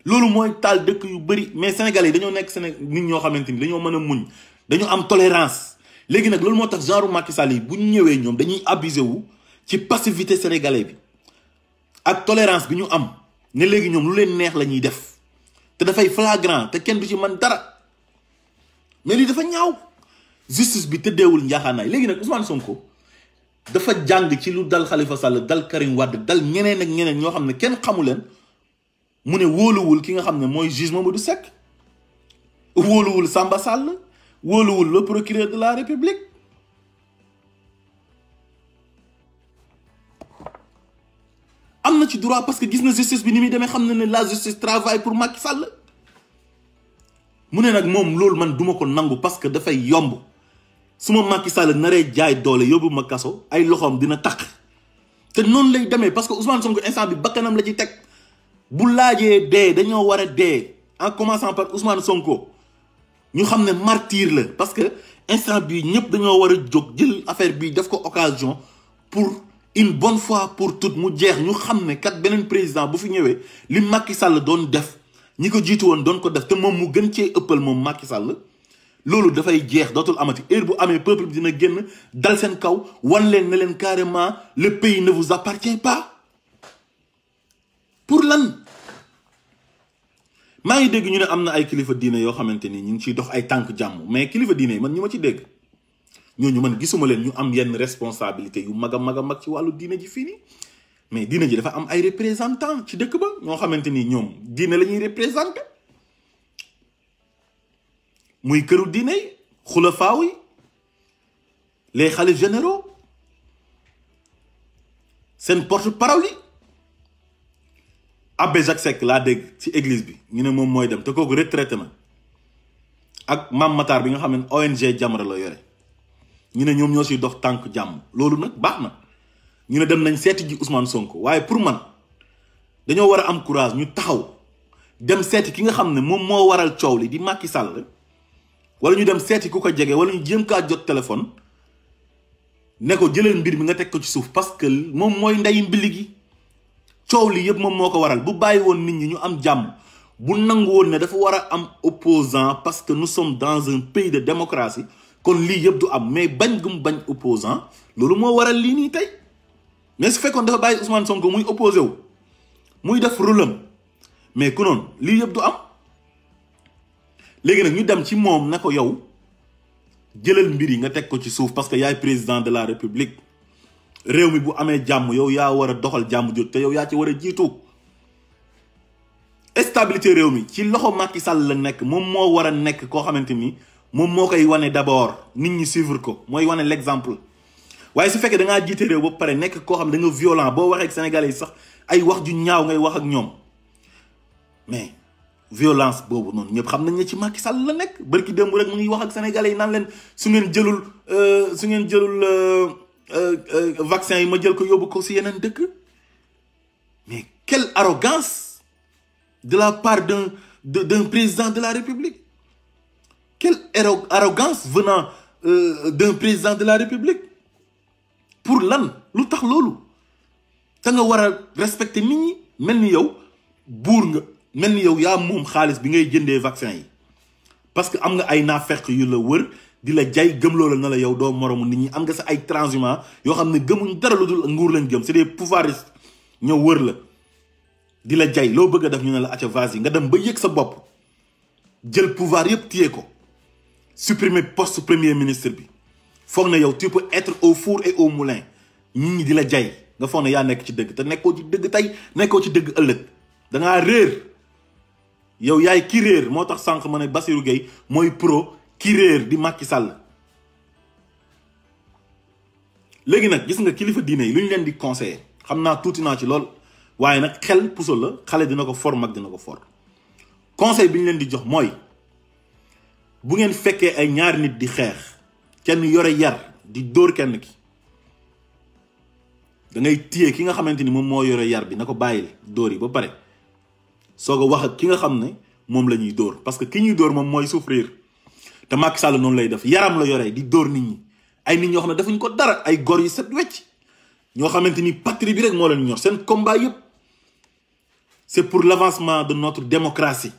loolu mooy taal dëkk yu bëri mais Sénégal yi dañoo nekk Séné nit ñoo xamante ni dañoo mën a muñ dañu am tolérance léegi nag loolu moo tax genre Macky Sall yi bu ñëwee ñoom dañuy abusé wu ci passivité sénégalais bi ak tolérance bi ñu am ne léegi ñoom lu leen neex la ñuy def te dafay flagrant te kenn du ci man dara mais lii dafa ñaaw justice bi tëddeewul njaaxaanaay léegi nag Ousmane ko dafa jàng ci lu dal Khalifa Sall dal Karim Wade dal ñeneen ak ñeneen ñoo xam ne kenn xamu leen mu ne wóoluwul ki nga xam ne mooy juge Mamadou Seck wóoluwul Samba Sall wóoluwul le procureur de la république am na ci droit parce que gis na justice bi ni muy demee xam na ne la justice travaille pour Macky Sall mu ne nag moom loolu man duma ko nangu parce que dafay yomb su ma Macky Sall naree jaay doole yóbbu ma kaso ay loxoom dina takk te noonu lay demee parce que Ousmane Sonko instant bi bakkanam la ci teg bu laajee dee dañoo war a dee en commençant par Ousmane Sonko ñu xam ne martyr la parce que instant bii ñëpp dañoo war a jóg jël affaire bi def ko occasion pour une bon fois pour tout mu jeex ñu xam ne kat beneen président bu fi ñëwee li makki Sall doon def ñi ko jiitu woon doon ko def te moom mu gën cee ëppal moom Macky Sall loolu dafay jeex dootul amati heure bu amee peuple bi dina génn dal seen kaw wan leen ne leen carrément le pays ne vous appartient pas pour lan. maa ngi dégg ñu ne am na ay kilifa diina yoo xamante ni ñu ngi ciy dox ay tànk jàmm mais kilifa diine yi man ñu ma ci dégg ñooñu man gisuma leen ñu am yenn responsabilité yu mag a mag a mag ci wàllu diine ji fii nii mais diine ji dafa am ay représentant ci dëkk ba ñoo xamante ni ñoom diine la ñuy représenté muy këru diine yi xulafaaw yi les xalif généraux seen porte parole yi abbé Jacques Seck laa dégg ci église bi ñu ne moom mooy dem te kooku retraité na ak Mame Matar bi nga xam ne ONG Jamra la yore ñu ne ñoom ñoo si dox tànk jàmm loolu nag baax na ñu ne dem nañ seeti ji Ousmane sonk waaye pour man dañoo war a am courage ñu taxaw dem seeti ki nga xam ne moom moo waral coow li di makki Sall wala ñu dem seeti ku ko jege wala ñu jéem kaa jot téléphone ne ko jëlal mbir mi nga teg ko ci suuf parce que moom mooy ndeyu mbili gi. coow li yëpp moom moo ko waral bu bàyyi woon nit ñi ñu am jàmm bu nangu woon ne dafa war a am opposant parce que nous sommes dans un pays de démocratie kon lii yëpp du am mais bañ mu bañ opposant loolu moo waral lii nii tey mais su fekkoon dafa bàyyi Ousmane Sonko muy opposé wu muy def rôlam mais ku noonu lii yëpp du am léegi nag ñu dem ci moom na ko yow jëlal mbir yi nga teg ko ci suuf parce que yaay président de la république réew mi bu amee jàmm yow yaa war a doxal jàmm jot te yow yaa ci war a jiitoo stabilité réew mi ci loxo Macky Sall la nekk moom moo war a nekk koo xamante ni moom moo koy wane d'abord nit ñi suivre ko mooy wane l'exemple waaye su fekkee da jiite réew ba pare nekk koo xam da nga violent boo waxee ak sénégalais yi sax ay wax ju ñaaw ngay wax ak ñoom mais violence boobu noonu ñëpp xam nañ ne ci Macky Sall la nekk barki démb rek mu ngi wax ak sénégalais yi naan leen su ngeen jëlul euh, su ngeen jëlul. Euh, Euh, euh, vaccin yi ma jël ko yóbbu ko si yeneen dëkk mais quelle arrogance de la part d'un d'un président de la république quelle arrogance venant euh, d'un président de la république pour lan lu tax loolu te nga war a respecter nit mel ni yow buur nga mel ni yow yaa moom xaalis bi ngay jëndee vaccin yi parce que am nga ay naa naafeq yu la wër di la jay gëm loola na la yow doo moroomu nit ñi am nga sa ay transhumants yoo xam ne gëmuñ dara lu dul nguur lañ gëm c'est des pouvoiristes ñëw wër la di la jay loo bëgg a def ñu ne la acca yi nga dem ba yëg sa bopp jël pouvoir yëpp téye ko supprimer poste premier ministre bi foog na yow tu peux être au four et au moulin nit ñi di la jay nga foog na yaa nekk ci dëgg te nekkoo ci dëgg tey nekkoo ci dëgg ëllëg dangaa réer yow yaay ki réer moo tax sànq ma ne Bassirou Gueye mooy pro ki réer di Macky Sall léegi nag gis nga kilifa diine yi lu ñu leen di conseil xam naa tuuti naa ci lool waaye nag xel puso la xale dina ko for mag na ko for conseil bi ñu leen di jox mooy bu ngeen fekkee ay ñaari nit di xeex kenn yore yar di dóor kenn ki dangay ngay ki nga xamante ni moom moo yore yar bi na ko bàyyil dóor yi ba pare soog a wax ak ki nga xam ne moom la ñuy dóor parce que ki ñuy dóor moom mooy souffrir. te Macky Sall noonu lay def yaram la yoree di dóor nit ñi ay nit ñoo xam ne defuñ ko dara ay gor yu set wecc ñoo xamante ni patrie bi rek moo leen ñor seen combat yëpp c'est pour l'avancement de notre démocratie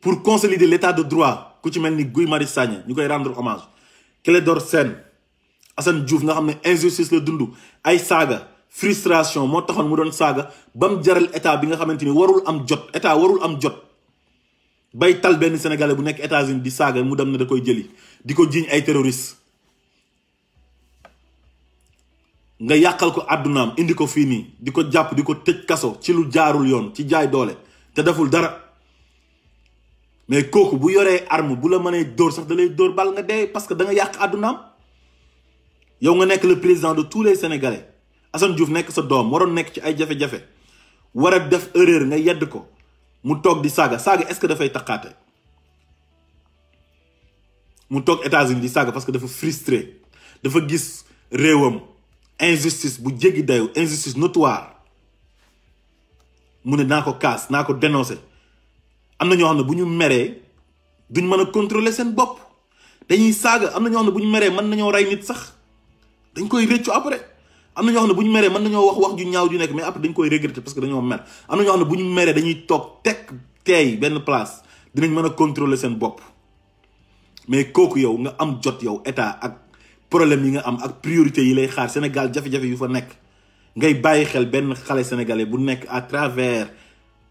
pour consolider l'état de droit ku ci mel ni Guy Marius Sagna ñu koy rendre hommage Clédor Sène Assane Diouf nga xam ne injustice la dundu ay saaga frustration moo taxoon mu doon saaga ba mu jaral état bi nga xamante ni warul am jot état warul am jot bay tal benn sénégalais bu nekk États-Unis di saaga mu dem na da koy jëli di ko jiiñ ay terroriste nga yàqal ko àddunaam indi ko fii nii di ko jàpp di ko tëj kaso ci lu jaarul yoon ci jaay doole te deful dara mais kooku bu yoree arme bu la mënee dóor sax da lay dóor bal nga dee parce que da nga yàq àddunaam yow nga nekk le président de tous les sénégalais Assane Diouf nekk sa doom waroon nekk ci ay jafe-jafe war a def erreur nga yedd ko mu toog di saaga saaga est-ce que dafay taqaate mu toog États-Unis di saaga parce que dafa frustré dafa gis réewam injustice bu jéggi dayu injustice notoire mu ne naa ko kaas naa ko dénoncé am na ñoo xam ne bu ñu meree duñ mën a contrôler seen bopp dañuy saaga am na ñoo xam ne bu ñu meree mën nañoo rey nit sax dañ koy réccu après am na ñoo xam ne bu ñu meree mën nañoo wax wax ju ñaaw ju nekk mais après dañ koy regretter parce que dañoo mer am na ñoo xam ne bu ñu meree dañuy toog tekk teey benn place dinañ mën a contrôler seen bopp mais kooku yow nga am jot yow état ak problème yi nga am ak priorité yi lay xaar Sénégal jafe-jafe yu fa nekk ngay bàyyi xel benn xale sénégalais bu nekk à travers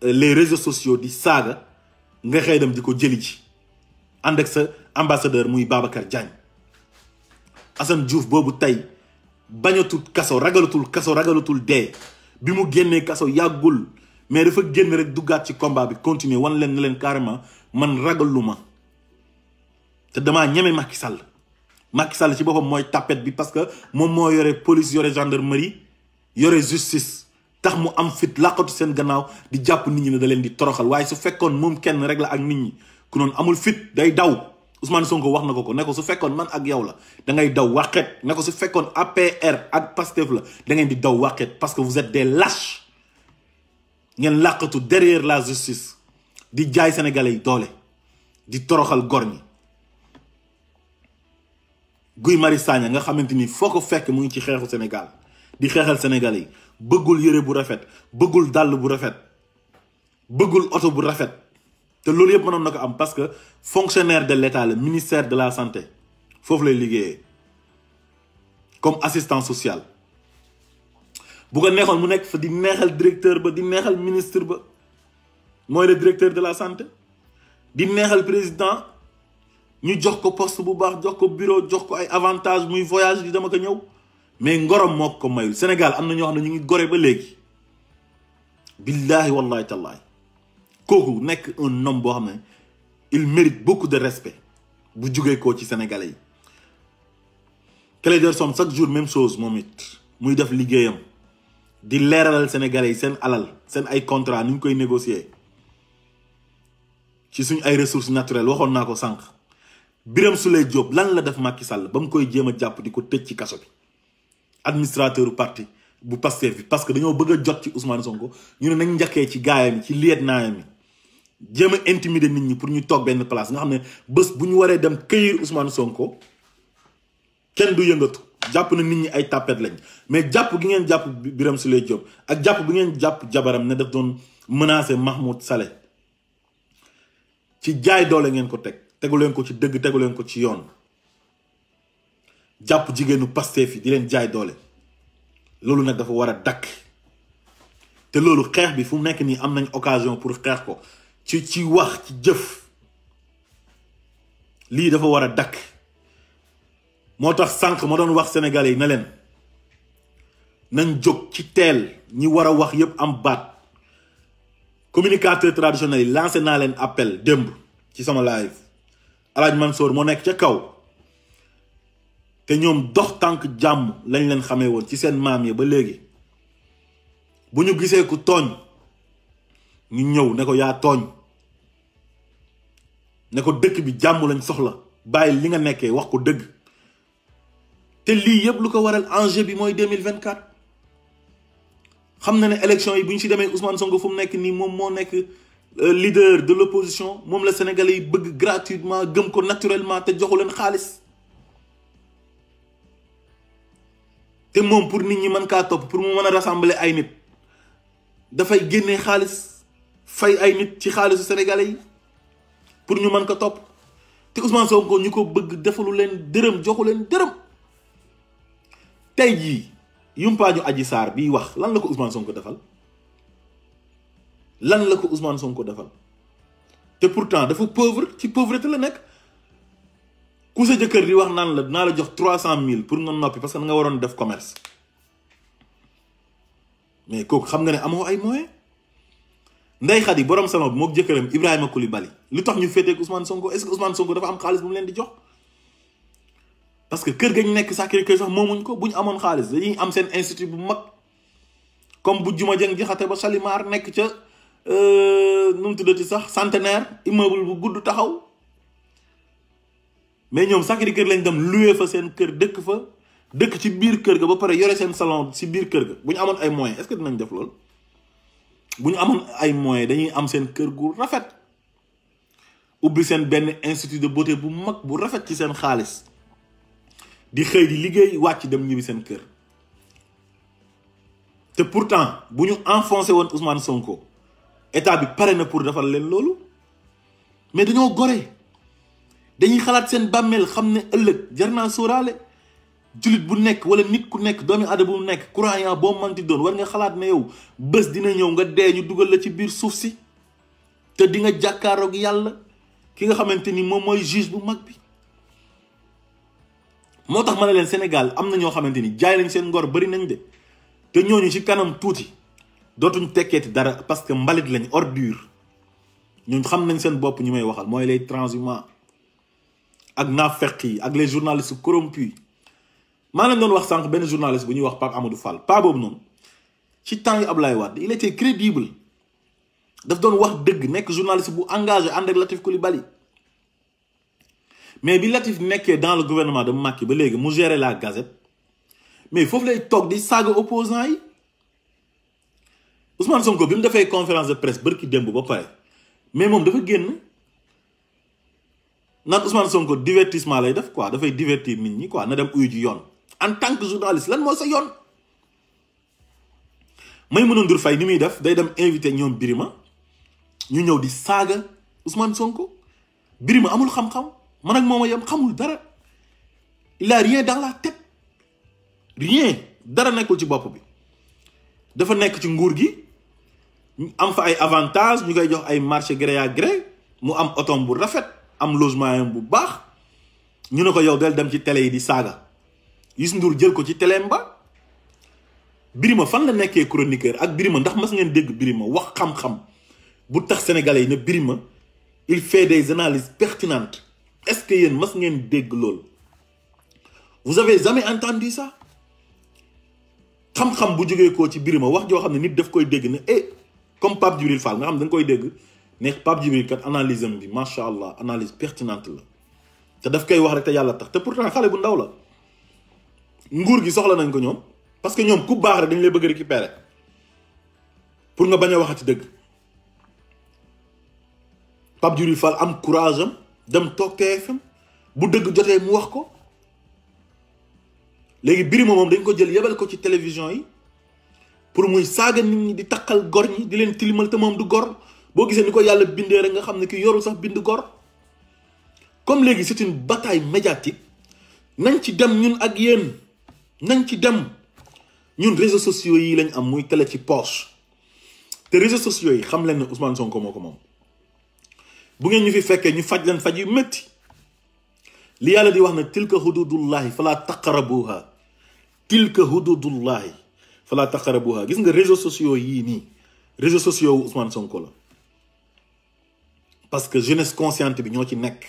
euh, les réseaux sociaux di saaga nga xëy dem di ko jëli ji ànd ak sa ambassadeur muy Babacar Diagne Assane Diouf boobu tey bañatul kaso ragalatul kaso ragalatul dee bi mu génnee kaso yàggul mais dafa génn rek duggaat ci combat bi continuer wan leen ne leen carrément man ragalu ma te damaa ñeme Macky Sall Macky Sall ci boppam mooy tapette bi parce que moom moo yore police yore gendarmerie yore justice tax mu am fit làqatu seen gannaaw di jàpp nit ñi ne da leen di toroxal waaye su fekkoon moom kenn rek la ak nit ñi ku noonu amul fit day daw Ousmane Sonko wax na ko ko ne ko su fekkoon man ak yow la dangay ngay daw waxet ne ko su fekkoon APR ak Pastef la da di daw waxet parce que vous êtes des lâches ngeen làqatu derrière la justice di jaay sénégalais yi doole di toroxal gor ñi Guy Marius Sagna nga xamante ni foo ko fekk mu ngi ci xeexu Sénégal di xeexal sénégalais yi bëggul yére bu rafet bëggul dàll bu rafet bëggul oto bu rafet te loolu yëpp mënoon na ko am parce que fonctionnaire de l'état le ministère de la santé foofu lay liggéeyee comme assistant social bu ko neexoon mu nekk fa di neexal directeur ba di neexal ministre ba mooy le directeur de la santé di neexal président ñu jox ko poste bu baax jox ko bureau jox ko ay avantage muy voyage di dama ko ñëw mais ngorom moo ko mayul Sénégal am na ñoo xam ne ñu ngi gore ba léegi billaahi wallaahi tallaahi kooku nekk un homme boo xam ne il mérite beaucoup de respect bu jógee koo ci sénégalais yi Clédor Sène chaque jour même chose moom it muy def liggéeyam di leeralal sénégalais yi seen alal seen ay contrat ni ñu koy négocier ci suñ ay ressources naturelles waxoon naa ko sànq Birame Souleye Diop lan la def Macky Sall ba mu koy jéem a jàpp di ko tëj ci kaso bi administrateur parti bu Pastef bi parce que dañoo bëgg a jot ci Ousmane Sonko ñu ne nañ njëkkee ci gaayam yi ci liet naayam jéem a intimider nit ñi pour ñu toog benn place nga xam ne bës bu ñu waree dem këyir usmaan Sonko kenn du yëngatu jàpp na nit ñi ay tàppet lañ mais jàpp gi ngeen jàpp Birame Souleye Diop ak jàpp bi ngeen jàpp jabaram ne def doon menacer Mahmoud sale ci jaay doole ngeen ko teg tegu leen ko ci dëgg teguleen ko ci yoon jàpp jigéenu Pastef yi di leen jaay doole loolu nag dafa war a dakk te loolu xeex bi fu nekk nii am nañ occasion pour xeex ko ci ci wax ci jëf lii dafa war a dakk moo tax sànq ma doon wax sénégalais yi na leen nañ jóg ci teel ñi war a wax yépp am baat communicateur traditionnel yi lancé naa leen appel démb ci sama live alaaj Mansour moo nekk ca kaw te ñoom dox tànk jàmm lañ leen xamee woon ci seen maam yi ba léegi bu ñu gisee ku tooñ ñu ñëw ne ko yaa tooñ ne ko dëkk bi jàmmu lañ soxla bàyyi li nga nekkee wax ko dëgg te lii yëpp lu ko waral enjeu bi mooy 2024 xam na ne élection yi bu ñu si demee Ousmane songo fu mu nekk nii moom moo nekk euh, leader de l'opposition moom la Sénégalais yi bëgg gratuitement gëm ko naturellement te joxu leen xaalis te moom pour nit ñi mën kaa topp pour mu mën a rassembler ay nit dafay génnee xaalis fay ay nit ci xaalisu Sénégalais yi pour ñu mën ko topp te Ousmane Sonko ñu ko bëgg defalu leen dërëm joxu leen dërëm tey jii yumpaañu aji saar biy wax lan la ko Ousmane Sonko defal lan la ko Ousmane Sonko defal te pourtant dafa pauvre ci pauvreté la nekk ku sa jëkkër di wax naan la naa la jox trois cent mille pour nga noppi parce que nga waroon def commerce mais kooku xam nga ne amoo ay moyens Ndeye Khady borom sama mook jëkkëram Ibrahima Koulibaly lu tax ñu féeteeg Ousmane Sonko est-ce que Ousmane Sonko dafa am xaalis bu mu leen di jox parce que kër ga ñu nekk Sacré-Cœur sax moomuñ ko bu ñu amoon xaalis dañuy am seen institut bu mag comme bu Juma Jeng Jaxate ba Salimar nekk ca euh, nu mu tuddati sax centenaire immeuble bu gudd taxaw mais ñoom Sacré-Cœur lañ dem loué fa seen kër dëkk fa dëkk ci biir kër ga ba pare yore seen salon ci biir kër ga bu ñu ay moyens est-ce def loolu. bu ñu amoon ay moyens dañuy am seen kër gu rafet ubbi seen benn institut de beauté bu mag bu rafet ci seen xaalis di xëy di liggéey wàcc dem ñibbi seen kër te pourtant bu ñu enfoncé woon Ousmane Sonko état bi pare na pour defar leen loolu mais dañoo gore dañuy xalaat seen bàmmeel xam ne ëllëg jar naa sóoraale julit bu nekk wala nit ku nekk doomi aadama bu nekk croyant boo manti doon war nga xalaat ne yow bës dina ñëw nga dee ñu dugal la ci biir suuf si te di nga jàkkaaroog yàlla ki nga xamante ni moom mooy juge bu mag bi moo tax ma ne leen Sénégal am na ñoo xamante ni jaay nañ seen ngor bari nañ de te ñooñu ci kanam tuuti dootuñ tekkeeti dara parce que mbalit lañu ordure ñun xam nañ seen bopp ñu may waxal mooy les transhumants ak naafeq yi ak les journalistes corrompus maa leen doon wax sànq benn journaliste bu ñuy wax Pape Amadou Fall Pape boobu noonu ci temps yi Ablaye Wade il était crédible daf doon wax dëgg nekk journaliste bu engagé ànd ak Latif Coulibaly mais bi Latif nekkee dans le gouvernement de Macky ba léegi mu gérer la Gazette mais foofu lay toog di saaga opposants yi Ousmane Sonko bi mu defee conférence de presse bërki démb ba pare mais moom dafa génn naan Ousmane Sonko divertissement lay def quoi dafay divertir nit ñi quoi na dem uyu yoon. en tant que journaliste lan moo sa yoon Maimouna Ndour Faye ni muy def day dem invité ñoom Birima ñu ñëw di saaga Ousmane Sonko Birima amul xam-xam man ak moom a yem xamul dara il a rien dans la tête rien dara nekkul ci bopp bi dafa nekk ci nguur gi am fa ay avantages ñu koy jox ay marché gré à gré mu am otom bu rafet am logement bu baax ñu ne ko yow del dem ci télé yi di saaga Youssou Ndour jël ko ci teleem ba Birima fan la nekkee chroniqueur ak Birima ndax mas ngeen dégg Birima wax xam-xam bu tax sénégalais yi ne Birima il fait des analyses pertinante est-ce que yéen mas ngeen dégg loolu vous avez jamais entendu sax xam-xam bu jógee koo ci Birima wax joo xam ne nit daf koy dégg ne eh comme Pape Djibril Fall nga xam da koy dégg ne Pape Djibril kat analyse am bi macha allah analyse pertinante la te daf koy wax rek te yàlla tax te pourtant xale bu ndaw la. nguur gi soxla nañ ko ñoom parce que ñoom ku baax rek dañ lay bëgg récupérer pour nga bañ a ci dëgg Pape Djibril Fall am courage am dem toog TFM bu dëgg jotee mu wax ko léegi Birima moom dañ ko jël yebal ko ci télévision yi pour muy saaga nit ñi di takkal gor ñi di leen tilimal te moom du gor boo gisee ni ko yàlla bindee rek nga xam ne ki yorul sax bind gor comme léegi c'est une bataille médiatique nañ ci dem ñun ak yéen nañ ci dem ñun réseaux sociaux yi lañ am muy tele ci poche te réseaux sociaux yi xam leen ne Ousmane Sonko moo ko moom bu ngeen ñu fi fekkee ñu faj leen faj yu métti li yàlla di wax ne tilka hududullahi falaa taqrabuha tilka hududullahi falaa taqrabuha gis nga réseaux sociaux yii nii réseaux sociaux wu Ousmane Sonko la parce que jeunesse consciente bi ñoo ci nekk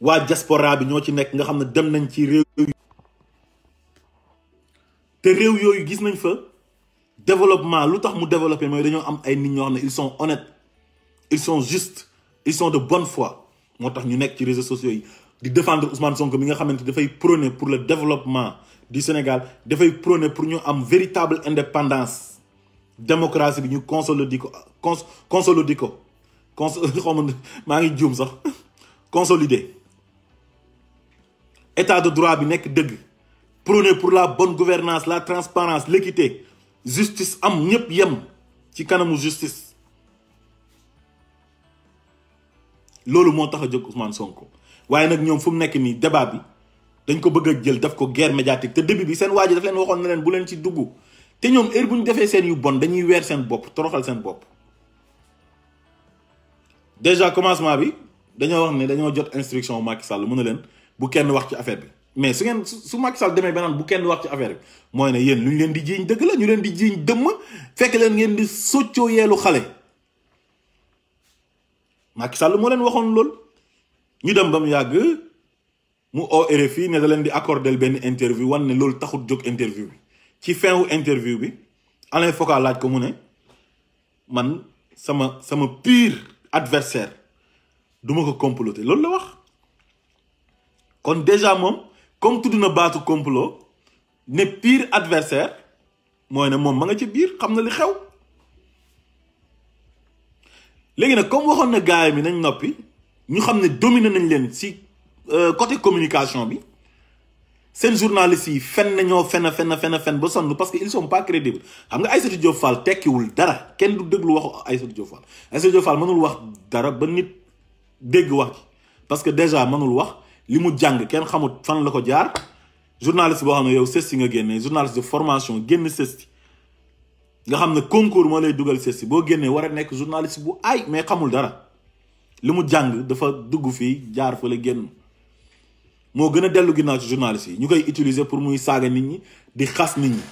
waa diaspora bi ñoo ci nekk nga xam ne dem nañ ci réew te réew yooyu gis nañ fa développement lu tax mu développé mooy dañoo am ay nit ñoo xam ne ils son honnêtes ils son justes ils sont de bonne foi moo tax ñu nekk ci réseau sociaux yi di défendre Ousmane Sonko mi nga xamante dafay prôner pour le développement du Sénégal dafay prôner pour ñu am véritable indépendance démocratie bi ñu di ko cons di ko cons <laughs> xaw maa ngi juum sax consolider état de droit bi nekk dëgg. prôner pour la bonne gouvernance la transparence l'équité justice am ñëpp yem ci kanamu justice loolu moo tax a jóg Ousmane Sonko waaye nag ñoom fu mu nekk nii débat bi dañ ko bëgg a jël daf ko guerre médiatique te début bi seen waa ji daf leen waxoon na leen bu leen ci dugg te ñoom heure bu ñu defee seen yu bon dañuy weer seen bopp toroxal seen bopp déjà commencement bi dañoo wax ne dañoo jot instruction Macky Sall mën na leen bu kenn wax ci affaire bi mais su ngeen su Macky Sall demee ba naan bu kenn wax ci affaire bi mooy ne yéen lu ñu leen di jiiñ dëgg la ñu leen di jiiñ dëmm fekk leen ngeen di soccoo yeelu xale Macky Sall moo leen waxoon lool ñu dem ba mu yàgg mu oo RFI ne da leen di accordel benn interview wan ne loolu taxut jóg interview bi ci fin wu interview bi Alain Foka laaj ko mu ne man sama sama pire adversaire duma ko comploter loolu la wax kon déjà moom comme tudd na baatu complot ne piir adversaire mooy ne moom ma nga ci biir xam na li xew léegi nag comme waxoon na gaay mi nañ noppi ñu xam ne dominé nañ leen si euh, côté communication bi seen journalistes yi fen na ñoo fen fen fen ba sonn parce que ils sont pas crédibles xam nga Aïssatou Diop Fall tekkiwul dara kenn du déglu waxu Aïssatou Diop Fall Aïssatou Diop Fall mënul wax dara ba nit dégg wax ci parce que déjà mënul wax li mu jàng kenn xamut fan la ko jaar journaliste boo xam ne yow CESTI nga génnee journaliste de formation génn CESTI nga xam ne concours moo lay dugal CESTI boo génnee war a nekk journaliste bu ay mais xamul dara li mu jàng dafa dugg fii jaar fa la génn moo gën a dellu ginnaaw ci journaliste yi ñu koy utiliser pour muy saaga nit ñi di xas nit ñi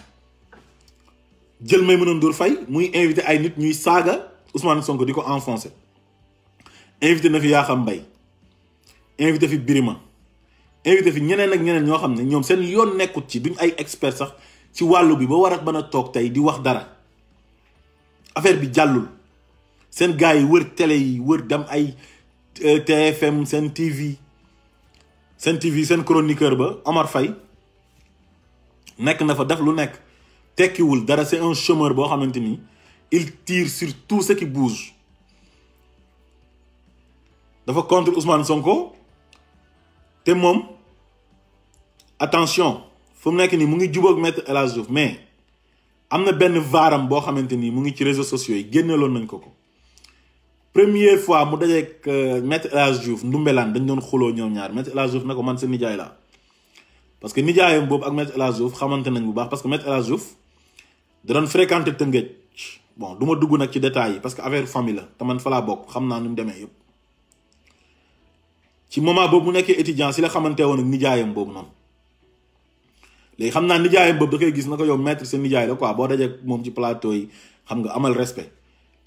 jël may mënoon dóor fay muy invité ay nit ñuy saaga Ousmane sonk di ko enfoncé invité na fi Yakham Mbaye invité fi Birima invité fi ñeneen ak ñeneen ñoo xam ne ñoom seen yoon nekkut ci duñ ay expert sax ci wàllu bi ba war a mën a toog tey di wax dara affaire bi jàllul seen gars yi wër tele yi wër dem ay euh, TFM seen TV seen TV seen chroniqueur ba Omar fay nekk na fa def lu nekk tekkiwul dara c'est un chômeur boo xamante ni il tire sur tout ce qui bouge dafa contre Ousmane Sonko te moom. attention fu mu nekk nii mu ngi jubóog maître El Hadj mais am na benn vaaram boo xamante ni mu ngi ci réseau sociaux yi génneeloon nañ ko ko première fois mu dajeeg euh, maître El Hadj Diouf ndumbelaan dañ doon xuloo ñoom ñaar maître El Hadj na ne ko man sa nijaay laa parce que nijaayam boobu ak maître El Hadj xamante nañ bu baax parce que maître El Hadj Diouf da doon fréquenté Tëngéej bon du ma dugg nag ci détails yi parce que affaire famille la te man fa laa xam naa nu mu demee yëpp ci moment boobu mu nekkee étudiant si la xamante woon nijaayam boobu noonu léegi xam naa nijaayam boobu da koy gis na ko yow maître sa nijaay la quoi boo dajee moom ci plateau yi xam nga amal respect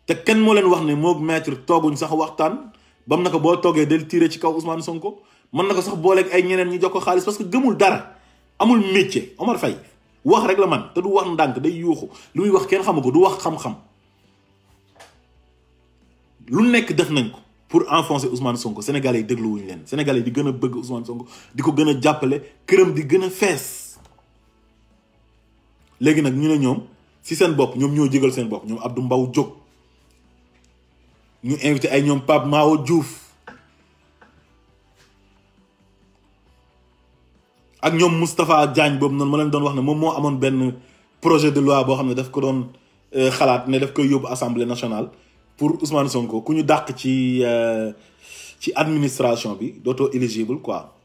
te kenn moo leen wax ne moog maître tooguñ sax waxtaan bam na boo toogee del tiire ci kaw Ousmane Sonko mën na ko sax booleeg ay ñeneen ñu jox ko xaalis parce que gëmul dara amul métier Omar fay wax rek la man te du wax ndànk day yuuxu lu muy wax kenn xamu ko du wax xam-xam lu nekk def nañ ko pour enfoncer Ousmane Sonko Sénégalais yi dégluwuñu leen Sénégalais yi gën a bëgg Ousmane Sonko di ko gën a jàppale këram di gën a fees léegi nag ñu ne ñoom si seen bopp ñoom ñoo jégal seen bopp ñoom du Mbaw jóg ñu invité ay ñoom Pape Mao Diouf ak ñoom Moustapha Diagne boobu noonu ma leen doon wax ne moom moo amoon benn projet de loi boo xam ne daf ko doon euh, xalaat ne daf koy yóbbu assemblée nationale pour Ousmane Sonko ku ñu dàq ci euh, ci administration bi dootoo éligible quoi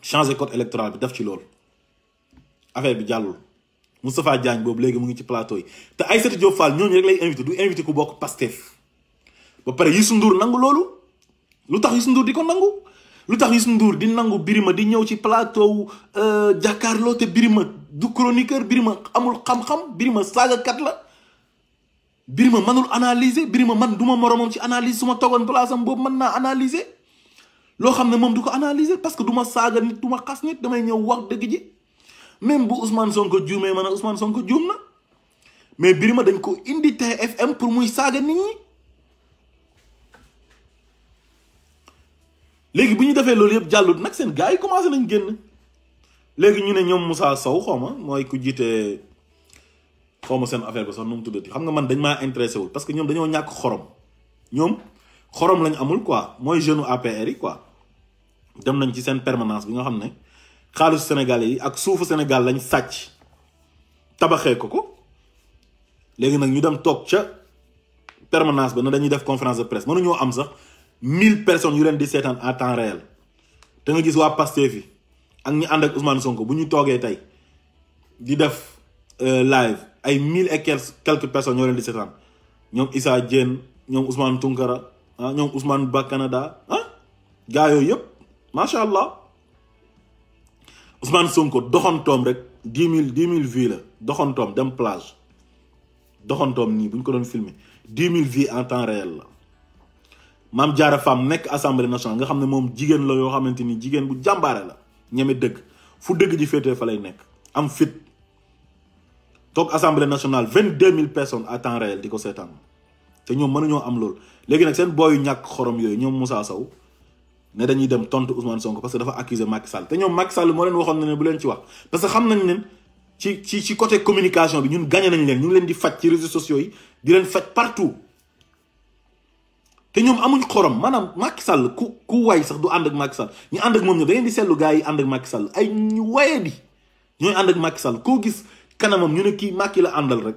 changer code électoral bi def ci loolu affaire bi jàll Moustapha Diagne boobu léegi mu ngi ci plateau yi te Aïssatou Diop Fall ñooñu rek lay invité du invité ku bokk Pastef ba pare Youssou Ndour nangu loolu lu tax Youssou Ndour di ko nangu lu tax Youssou nduur di nangu Birima di ñëw ci plateau euh, jàkkaarloo te Birima du chroniqueur Birima amul xam-xam Birima saagakat la Birima manul analyser Birima man du ma moromam ci analyse su ma toogoon place am boobu mën naa analyser loo xam ne moom du ko analyser parce que du saaga nit du ma xas nit damay ñëw wax dëgg ji même bu Ousmane Sonko juumee ma ne son Sonko juum na mais Birima dañ ko indi TFM pour muy saaga nit ñi léegi bu ñu defee loolu yëpp jàllut nag seen gars yi commencé nañ génn léegi ñu ne ñoom Moussa Sow xaw ma mooy ku jiite xaw ma seen affaire bi sax nu mu tuddati xam nga man dañ maa intéressé wul parce que ñoom dañoo ñàkk xorom ñoom xorom lañu amul quoi mooy jeune APR yi quoi dem nañ ci seen permanence bi nga xam ne. xaalisu sénégal yi ak suufu Sénégal lañu sàcc tabaxee ko ko léegi nag ñu dem toog ca permanence ba na dañuy def conférence de presse mënuñoo am sax mille persones yu leen di seetaan à temps réel te nga gis waa Pastef fii ak ñu ànd ak Ousmane Sonko bu ñu toogee tey di def euh, live ay mille et quelques personnes ñoo leen di seetaan ñoom Issa Diène ñoom Ousmane Tunkara ah ñoom Ousmane Ba Canada ah gars yooyu yëpp macha allah. Ousmane Sonko doxantoom rek dix mille dix mille vues la doxantoom dem plage doxantoom nii bu ñu ko doon filmer dix mille vues en temps réel la Mame Diarra Fam nekk assemblée nationale nga xam ne moom jigéen la yoo xamante ni jigéen bu jàmbaare la ñeme dëgg fu dëgg ji féetee fa lay nekk am fit toog assemblée nationale vingt deux mille personnes à temps réel di ko seetaan te a ñoo am lool léegi nag seen booyu ñàkk xorom yooyu ñoom Moussa Sow ne dañuy dem tontu Ousmane Sonko parce que dafa accuser Macky Sall te ñoom Macky Sall moo leen waxoon na ne bu leen ci wax parce que xam nañ leen ci ci ci communication bi ñun gagné nañ leen ñu ngi leen di faj ci réseaux sociaux yi di leen faj partout te ñoom amuñ xorom maanaam Macky sàll ku ku way sax du ànd ak Macky Sall ñu ànd ak moom ñoom da ngeen di seetlu yi ànd ak Sall ay ñu waye di ñooy ànd ak Macky Sall koo gis kanamam ñu ne kii Macky la àndal rek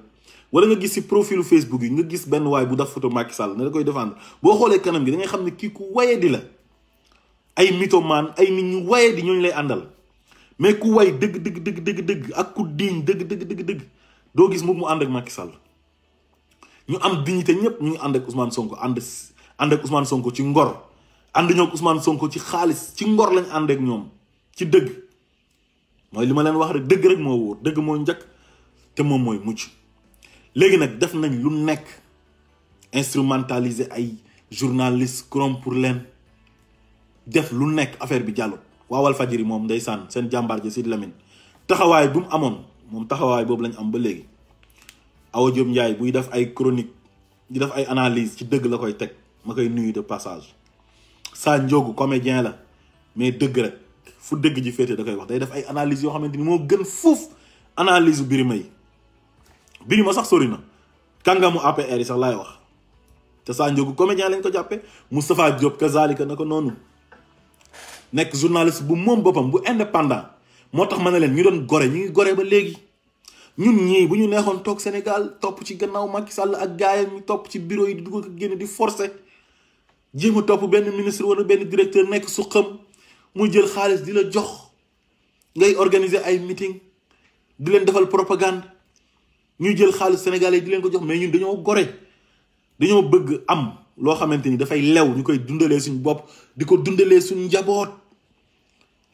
wala nga gis si profilu Facebook yi nga gis benn waay bu def photo Macky Sall ne da koy défendre boo xoolee kanam gi da xam ne kii ku waye di la ay mythomane ay nit ñu waye di ñooñu lay àndal mais ku way dëgg dëgg dëgg dëgg ak ku diiñ dëgg dëgg dëgg dëgg doo gis moom mu ànd ak Macky Sall ñu am te ñëpp ñu ngi ànd ak Ousmane Sonko ànd ànd ak Ousmane Sonko ci ngor ànd ñoo ak Ousmane Sonko ci xaalis ci ngor lañ ànd ak ñoom ci dëgg mooy li ma leen wax rek dëgg rek moo wóor dëgg moo njëkk te moom mooy mujj léegi nag def nañ lu nekk instrumentaliser ay journalistes pour leen. def lu nekk affaire bi jàllu waa Walfadjri moom ndeysaan seen jàmbaar ji si Lamine taxawaay bu mu amoon moom taxawaay boobu lañu am ba léegi Awa Diop Ndiaye buy def ay chronique di def ay analyse ci dëgg la koy teg ma koy nuyu de passage Sa Ndiogou comédien la mais dëgg rek fu dëgg ji féete da koy wax day def ay analyse yoo xamante ni moo gën fuuf analyse birima yi birima sax sori na kàngamu APR yi sax laay wax te Sa Ndiogou comédien lañ ko jàppee Moustapha Diop kazalika na noonu nekk journaliste bu moom boppam bu indépendant moo tax ma ne leen ñu doon gore ñu ngi gore ba léegi ñun ñii bu ñu neexoon toog Sénégal topp ci gannaaw Macky Sall ak gaayam ñu topp ci bureau yi di dugg ak génn di forcer jéem a topp benn ministre wala benn directeur nekk suqam xam muy jël xaalis di la jox ngay organiser ay meeting di leen defal propagande ñuy jël xaalis sénégalais di leen ko jox mais ñun dañoo gore dañoo bëgg am. loo xamante ni dafay lew ñu koy dundalee suñu bopp di ko dundalee suñu njaboot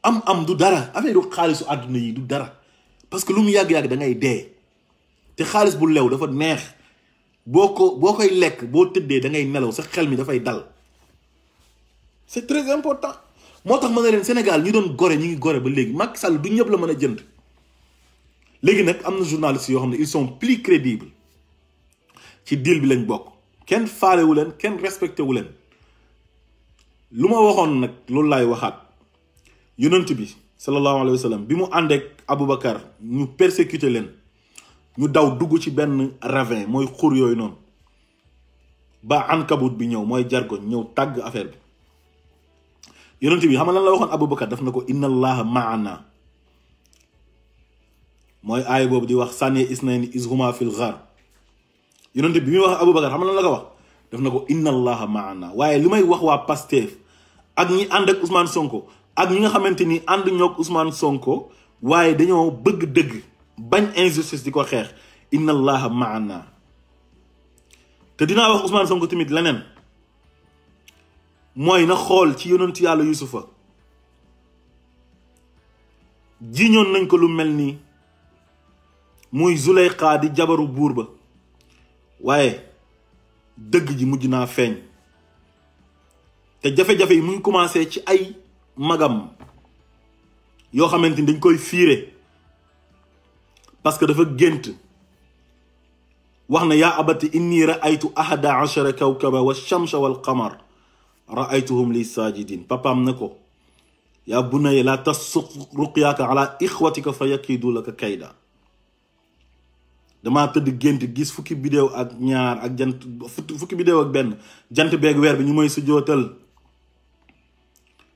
am am du dara affaire du xaalisu àdduna yi du dara parce que lu mu yàgg-yàgg da ngay dee te xaalis bu lew dafa neex boo ko boo koy lekk boo tëddee da ngay nelaw sax xel mi dafay dal c'est très important moo tax ma ne leen Sénégal ñi doon gore ñu ngi gore ba léegi Macky Sall du ñëpp la mën a jënd léegi nag am na journalistes yoo xam ne ils sont plus crédibles ci deal bi lañ bokk kenn faalewu leen kenn respecté wu leen lu ma waxoon nag loolu laay waxaat yonent bi sallallahu alayhi wa bi mu àndeek abu Aboubacar ñu persécuté leen ñu daw dugg ci benn ravin mooy xur yooyu noonu ba ankabut bi ñëw mooy jargoñ ñëw tàgg affaire bi yonent bi xam nga la waxoon abu Aboubacar daf na ko inna allaha maana mooy aay boobu di wax sànni is izhuma fil ghar yonent bi muy wax Aboubacar xam na la ko wax def na ko inna allaha maana waaye lu may wax waa Pastef ak ñi ànd ak Ousmane Sonko ak ñi nga xamante ni ànd ñoog Ousmane Sonko waaye dañoo bëgg dëgg bañ injustice di ko xeex inna ma maana te dinaa wax Ousmane Sonko tamit leneen mooy na xool ci yonentu yàlla Yusufa jiñoon nañ ko lu mel nii muy Zuleyxa di jabaru buur ba waaye dëgg ji mujj naa feeñ te jafe-jafe yi mu ngi commencé ci ay magam yoo xamante ni dañ koy fiire parce que dafa gént wax na yaa abati inni raaytu ahada achara kawkaba wa shamsa wal qamar raaytuhum li saajidin papaam na ko yaa bunayya laa tassuq ruqyaaka ala ixwatika fa yakiidu laka kayda damaa tëdd gént gis fukki biddéew ak ñaar ak jant fukki bidéew ak benn jant beeg weer bi ñu may su jootal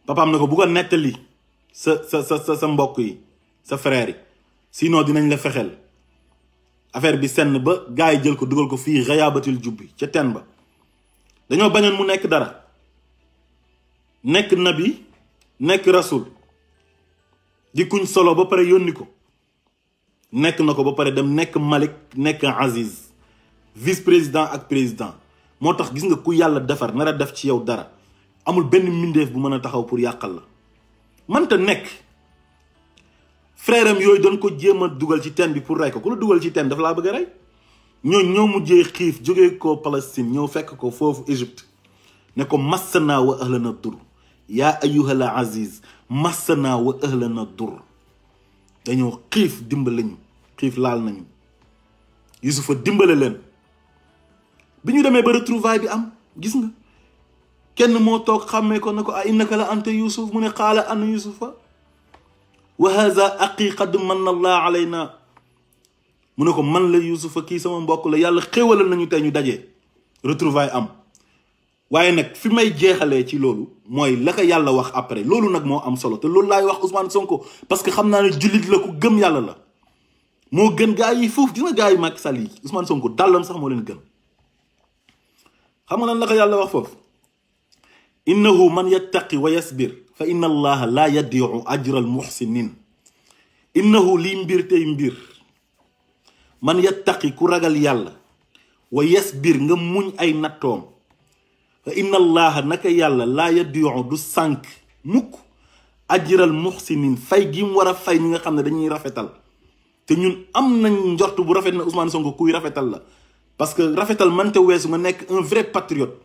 papaam na ko bu ko nettali sa sa sa sa mbokk yi sa frère yi sinon dinañ la fexeel affaire bi senn ba gars yi jël ko dugal ko fii xayaabatil jubbi ca ten ba dañoo bañoon mu nekk dara nekk nabi nekk rasul di kuñ solo ba pare yónni ko nekk na ko ba pare dem nekk Malick nekk Aziz vice président ak président moo tax gis nga ku yàlla defar nar a def ci yow dara amul benn mbindeef bu mën a taxaw pour yàqal la mënta nekk frère am yooyu doon ko jéem a dugal ci teen bi pour rey ko ku la dugal ci teen dafa laa bëgg a rey ñooñ ñoo mujjee xiif jóge ko Palestine ñoo fekk ko foofu Égypte ne ko massana wa ahlana dur yaa ayyuhal aziz massana wa ahlana dur dañoo xiif dimbale ñu xiif laal nañu Yusufa dimbale leen bi ñu demee ba retrouvaille bi am gis nga kenn moo toog xàmmee ko ne ko a innaka la anta yusuf mu ne xaala an yusufa wa haza aqi qad manna allah alayna mu ne ko man la yusufa kii sama mbokk la yàlla xéwalal nañu tey ñu dajee retrouvaille am waaye nag fi may jeexalee ci loolu mooy la yàlla wax après loolu nag moo am solo te loolu laay wax Ousmane Sonko parce que xam naa ne jullit la ku gëm yàlla la moo gën gaa yi foofu gis nga gaa yi Macky Sall yi Ousmane Sonko dàllam sax moo leen gën xam nga lan la ko yàlla wax foofu innahu man yattaqi wa yasbir fa inna allaha laa yadiu ajra al muhsinin liy mbir tey mbir man yattaqi ku ragal yàlla wa yasbir nga muñ ay nattoom inna allaha naka yàlla laa yadiyu du sànk mukk ajral muxsinin fay gi mu war a fay ñi nga xam ne dañuy rafetal te ñun am nañ njort bu rafet na Ousmane Sonko kuy rafetal la parce que rafetal mante weesu nga nekk un vrai patriote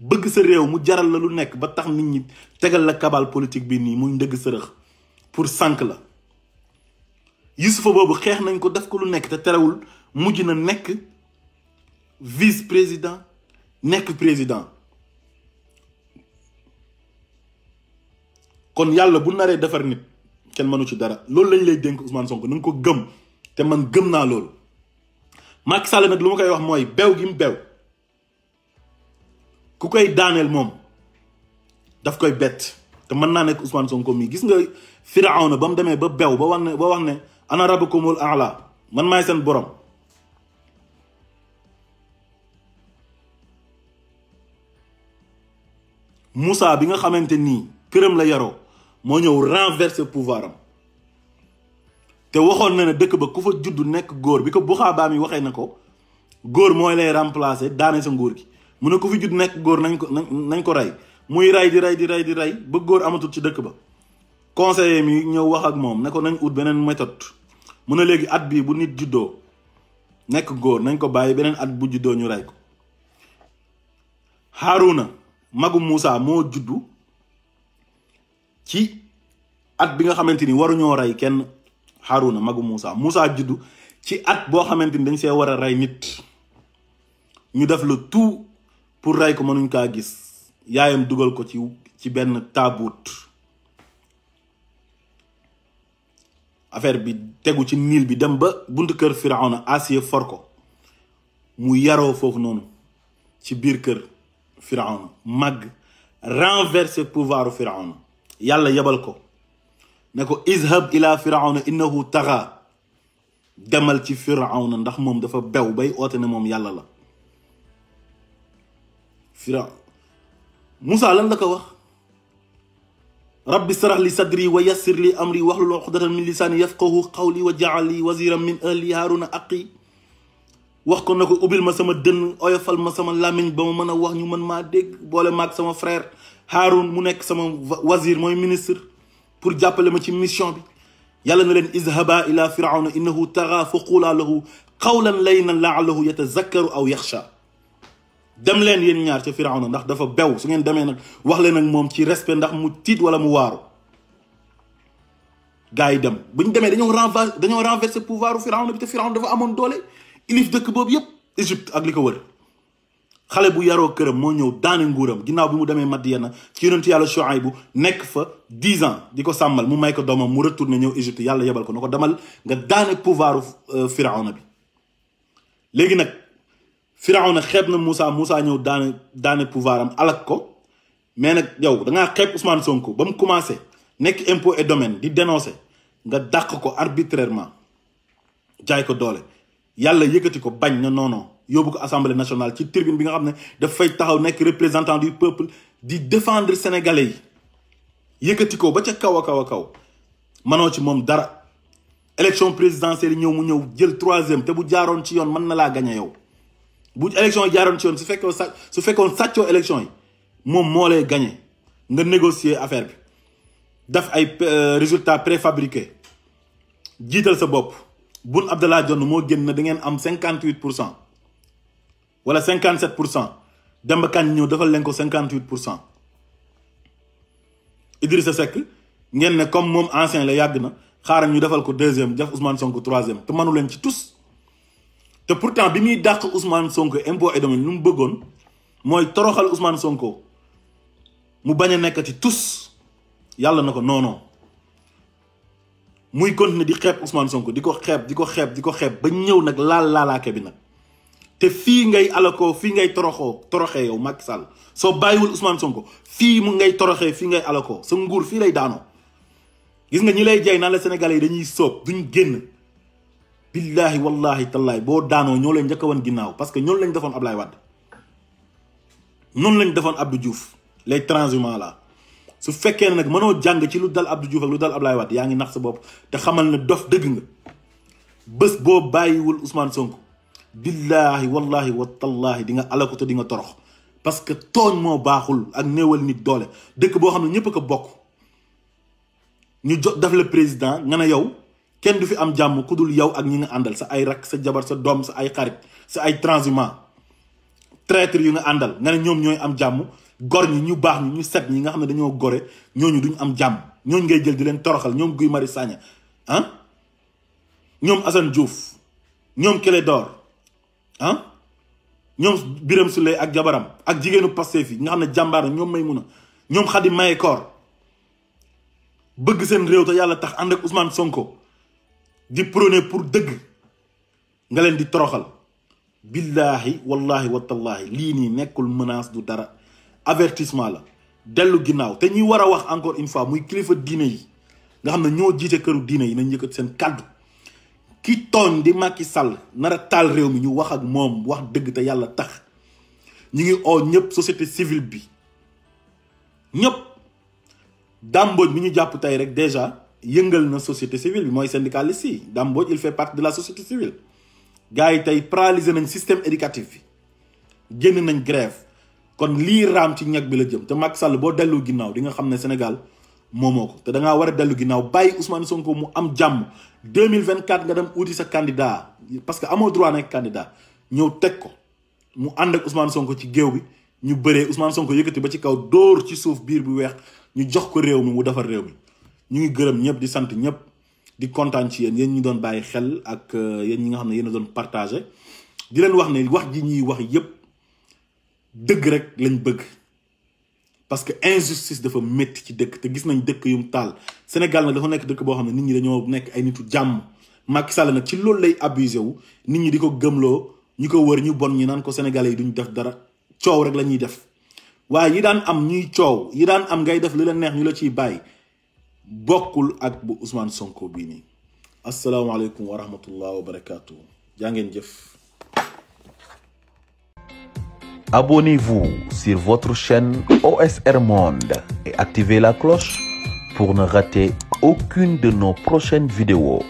bëgg sa réew mu jaral la lu nekk ba tax nit ñi tegal la kabal politique bi nii muy ndëgg sërëx pour sànk la Youssoufa boobu xeex nañ ko def ko lu nekk te terewul mujj na nekk vice président nekk président kon yàlla bu naree defar nit kenn mënu ci dara loolu lañ lay dénk Ousmane Sonko na nga ko gëm te man gëm naa loolu Macky nag lu ma koy wax mooy bew gi mu bew ku koy daaneel moom daf koy bett te mën naa nekk Ousmane Sonko mii gis nga Firawna ba mu demee ba bew ba wax ne ba wax ne ana rabbukumul a'la man maay seen borom musaa bi nga xamante nii këram la yaroo moo ñëw renverser pouvoir am te waxoon na ne dëkk ba ku fa judd nekk góor bi ko buxaabaa mi waxee na ko góor mooy lay remplacer daane sa nguur gi mu ne ko fi judd nekk góor nañ ko nañ ko rey muy rey di rey di rey di rey ba góor amatul ci dëkk ba conseiller mi ñëw wax ak moom ne nañ ut beneen méthode mu ne léegi at bii bu nit juddoo nekk góor nañ ko bàyyi beneen at bu juddoo ñu rey ko Haaruna magu Muusa moo juddu ci at bi nga xamante ni waruñoo rey kenn Haruna magu Moussa Moussa juddu ci at boo xamante ni dañ see war a rey nit ñu def le tout pour rey ko mënuñ kaa gis yaayam dugal ko ci ci benn taabuut affaire bi tegu ci niil bi dem ba buntu kër Firawna Asiya for ko mu yaroo foofu noonu ci biir kër Firawna màgg renverser pouvoiru Firawna yàlla yebal ko ne ko izhab ila firawna innahu taxa demal ci firawna ndax moom dafa bew bay oote ne moom yàlla la firaw Moussa lan la ko wax rabbi sarax li sadri wa yassir li amri waxlul uqdatan min lisaani yafqahu qawli wa jaal li waziran min ahli haaruna aqi wax ko na ko ubbil ma sama dënn oyofal ma sama làmmiñ ba ma mën a wax ñu mën maa dégg boole maag sama frère Haarun mu nekk sama wazir mooy ministre pour jàppale ma ci mission bi yàlla na leen izhaba ila firawna innahu taxa fa quulaa lahu qawlan laynan laallahu yatazakkaru aw yaxsha dem leen yéen ñaar ca firawna ndax dafa bew su ngeen demee nag wax leen ak moom ci respect ndax mu tiit wala mu waaru gars yi dem bu ñu demee dañoo renver dañoo renverser pouvoiru firawna bi te firawna dafa amoon doole ilif dëkk boobu yépp Égypte ak xale bu yaroo këram moo ñëw daane nguuram ginnaaw bi mu demee Madiana ci yonentu yàlla Shuayb bu nekk fa dix ans di ko sàmmal mu may ko doomam mu retourné ñëw Égypte yàlla yebal ko na ko demal nga daane pouvoiru euh, Firawna bi léegi nag na xeet na Moussa Moussa ñëw daane daane pouvoir am alak ko mais nag yow da ngaa xeeb Ousmane Sonko ba mu commencé nekk impôt et domaine di dénoncé nga dàq ko arbitrairement jaay ko doole yàlla yëkkati ko bañ na non yóbbu ko assemblée nationale ci tribune bi nga xam ne dafay taxaw nekk représentant du peuple di défendre sénégalais yi yëkkati ko ba ca kaw a kaw a kaw manoo ci moom dara élection présidentielle ñëw mu ñëw jël troisième te bu jaaroon ci yoon man na laa gañe yow bu élection yi jaaroon ci yoon su fekkee sa su fekkoon sàccoo élection yi moom moo lay gañe nga négocier affaire bi daf ay euh, résultat préfabriqués jiital sa bopp Boun Abdallah Dionne moo génn na da ngeen am cinquante huit pour cent wala 57 pour cent Demba Kandji ñëw defal leen ko 58 pour cent Idrissa sekk ngeen ne comme moom ancien la yàgg na xaaral ñu defal ko deuxième def Ousmane Sonko troisième te mënu leen ci tous te pour pourtant bi muy dàq Ousmane Sonko impôt dem lu mu bëggoon mooy toroxal Ousmane Sonko mu bañ a nekkati tous yàlla na ko non muy continuer di xeeb Ousmane Sonko di ko xeeb di ko xeeb di ko xeeb ba ñëw nag laal laalaake bi nag. te fii ngay alakoo fii ngay toroxoo toroxee yow Macky Sall soo bàyyiwul usmaan Sonko fii mu ngay toroxee fii ngay alakoo sa nguur fii lay daanoo gis nga ñi lay jaay naan la Sénégalais yi dañuy soob duñ génn billaahi wallahi tallaay boo daanoo ñoo leen njëkk a wan ginnaaw parce que ñoonu lañ defoon Ablaye Wade noonu lañ defoon Abdou juuf les transhumants là su fekkee ne nag mënoo jàng ci lu dal Abdou Diouf ak lu dal Ablaye Wade yaa ngi nax sa bopp te xamal na dof dëgg nga bés boo bàyyiwul Ousmane Sonko billaahi wallaahi wa tallaahi di nga alaku te di nga torox parce que tooñ moo baaxul ak néewal nit doole dëkk boo xam ne ñëpp ko bokk ñu jo daf la président nga ne yow kenn du fi am jàmm ku dul yow ak ñi nga àndal sa ay rak sa jabar sa doom sa ay xarit sa ay transhumant traître yu nga àndal nga ne ñoom ñooy am jàmm gor ñi ñu baax ñu ñu set ñi nga xam ne dañoo gore ñooñu duñ am jàmm ñooñu ngay jël di leen toroxal ñoom Guy mari Sagna ah ñoom Assane Diouf ñoom Clédor ah ñoom Biram sule ak jabaram ak jigéenu Pastef fii nga xam ne jàmbaar ñoom may mun a ñoom Khady Mahécor bëgg seen réew te yàlla tax ànd ak Ousmane Sonko di prôné pour dëgg nga leen di toroxal billaahi wallaahi watallaahi lii nii nekkul menace du dara avertissement la dellu ginnaaw te ñuy war a wax encore une fois muy kilifa diine yi nga xam ne ñoo jiite këru diine yi nañ yëkkat seen kàddu ki tooñ di Macky Sall nar a taal réew mi ñu wax ak moom wax dëgg te yàlla tax ñu ngi oo ñëpp société civile bi ñëpp dàmbooj bi ñu jàpp tey rek déjà yëngal na société civile bi mooy syndicaliste yi dàmbooj il fait partie de la société civile gars yi tey paralysé nañ système éducatif bi génn nañ grève kon lii raam ci ñag bi la jëm te Macky Sall boo delloo ginnaaw di nga xam ne Sénégal moomoo ko te da ngaa war a dellu ginnaaw bàyyi Ousmane Sonko mu am jàmm mille 2024 nga dem uti sa candidat parce que amoo droit nekk candidat ñëw teg ko mu ànd ak Ousmane Sonko ci géew bi ñu bëree Ousmane Sonko yëkkati ba ci kaw dóor ci suuf biir bu weex ñu jox ko réew mi mu defar réew mi ñu ngi gërëm ñëpp di sant ñëpp di kontaan ci yéen yéen ñu doon bàyyi xel ak euh, yéen ñi nga xam ne yéen a doon partagé di leen wax ne wax ji ñuy wax yëpp dëgg rek lañ bëgg. parce que injustice dafa métti ci dëkk te gis nañ dëkk yu mu taal Sénégal nag dafa nekk dëkk boo xam ne nit ñi dañoo nekk ay nitu jàmm Macky Sall nag ci loolu lay abusé wu nit ñi di ko gëmloo ñi ko wër ñu bon ñi naan ko sénégalais yi duñ def dara coow rek la ñuy def waaye yi daan am ñuy coow yi daan am ngay def li la neex ñu la ciy bàyyi bokkul ak bu Ousmane Sonko bii nii asalaamaaleykum wa rahmatullah wa barakaatu jaa ngeen jëf Abonnez-vous sur votre chaîne OSR Monde et activez la cloche pour ne rater aucune de nos prochaines vidéos.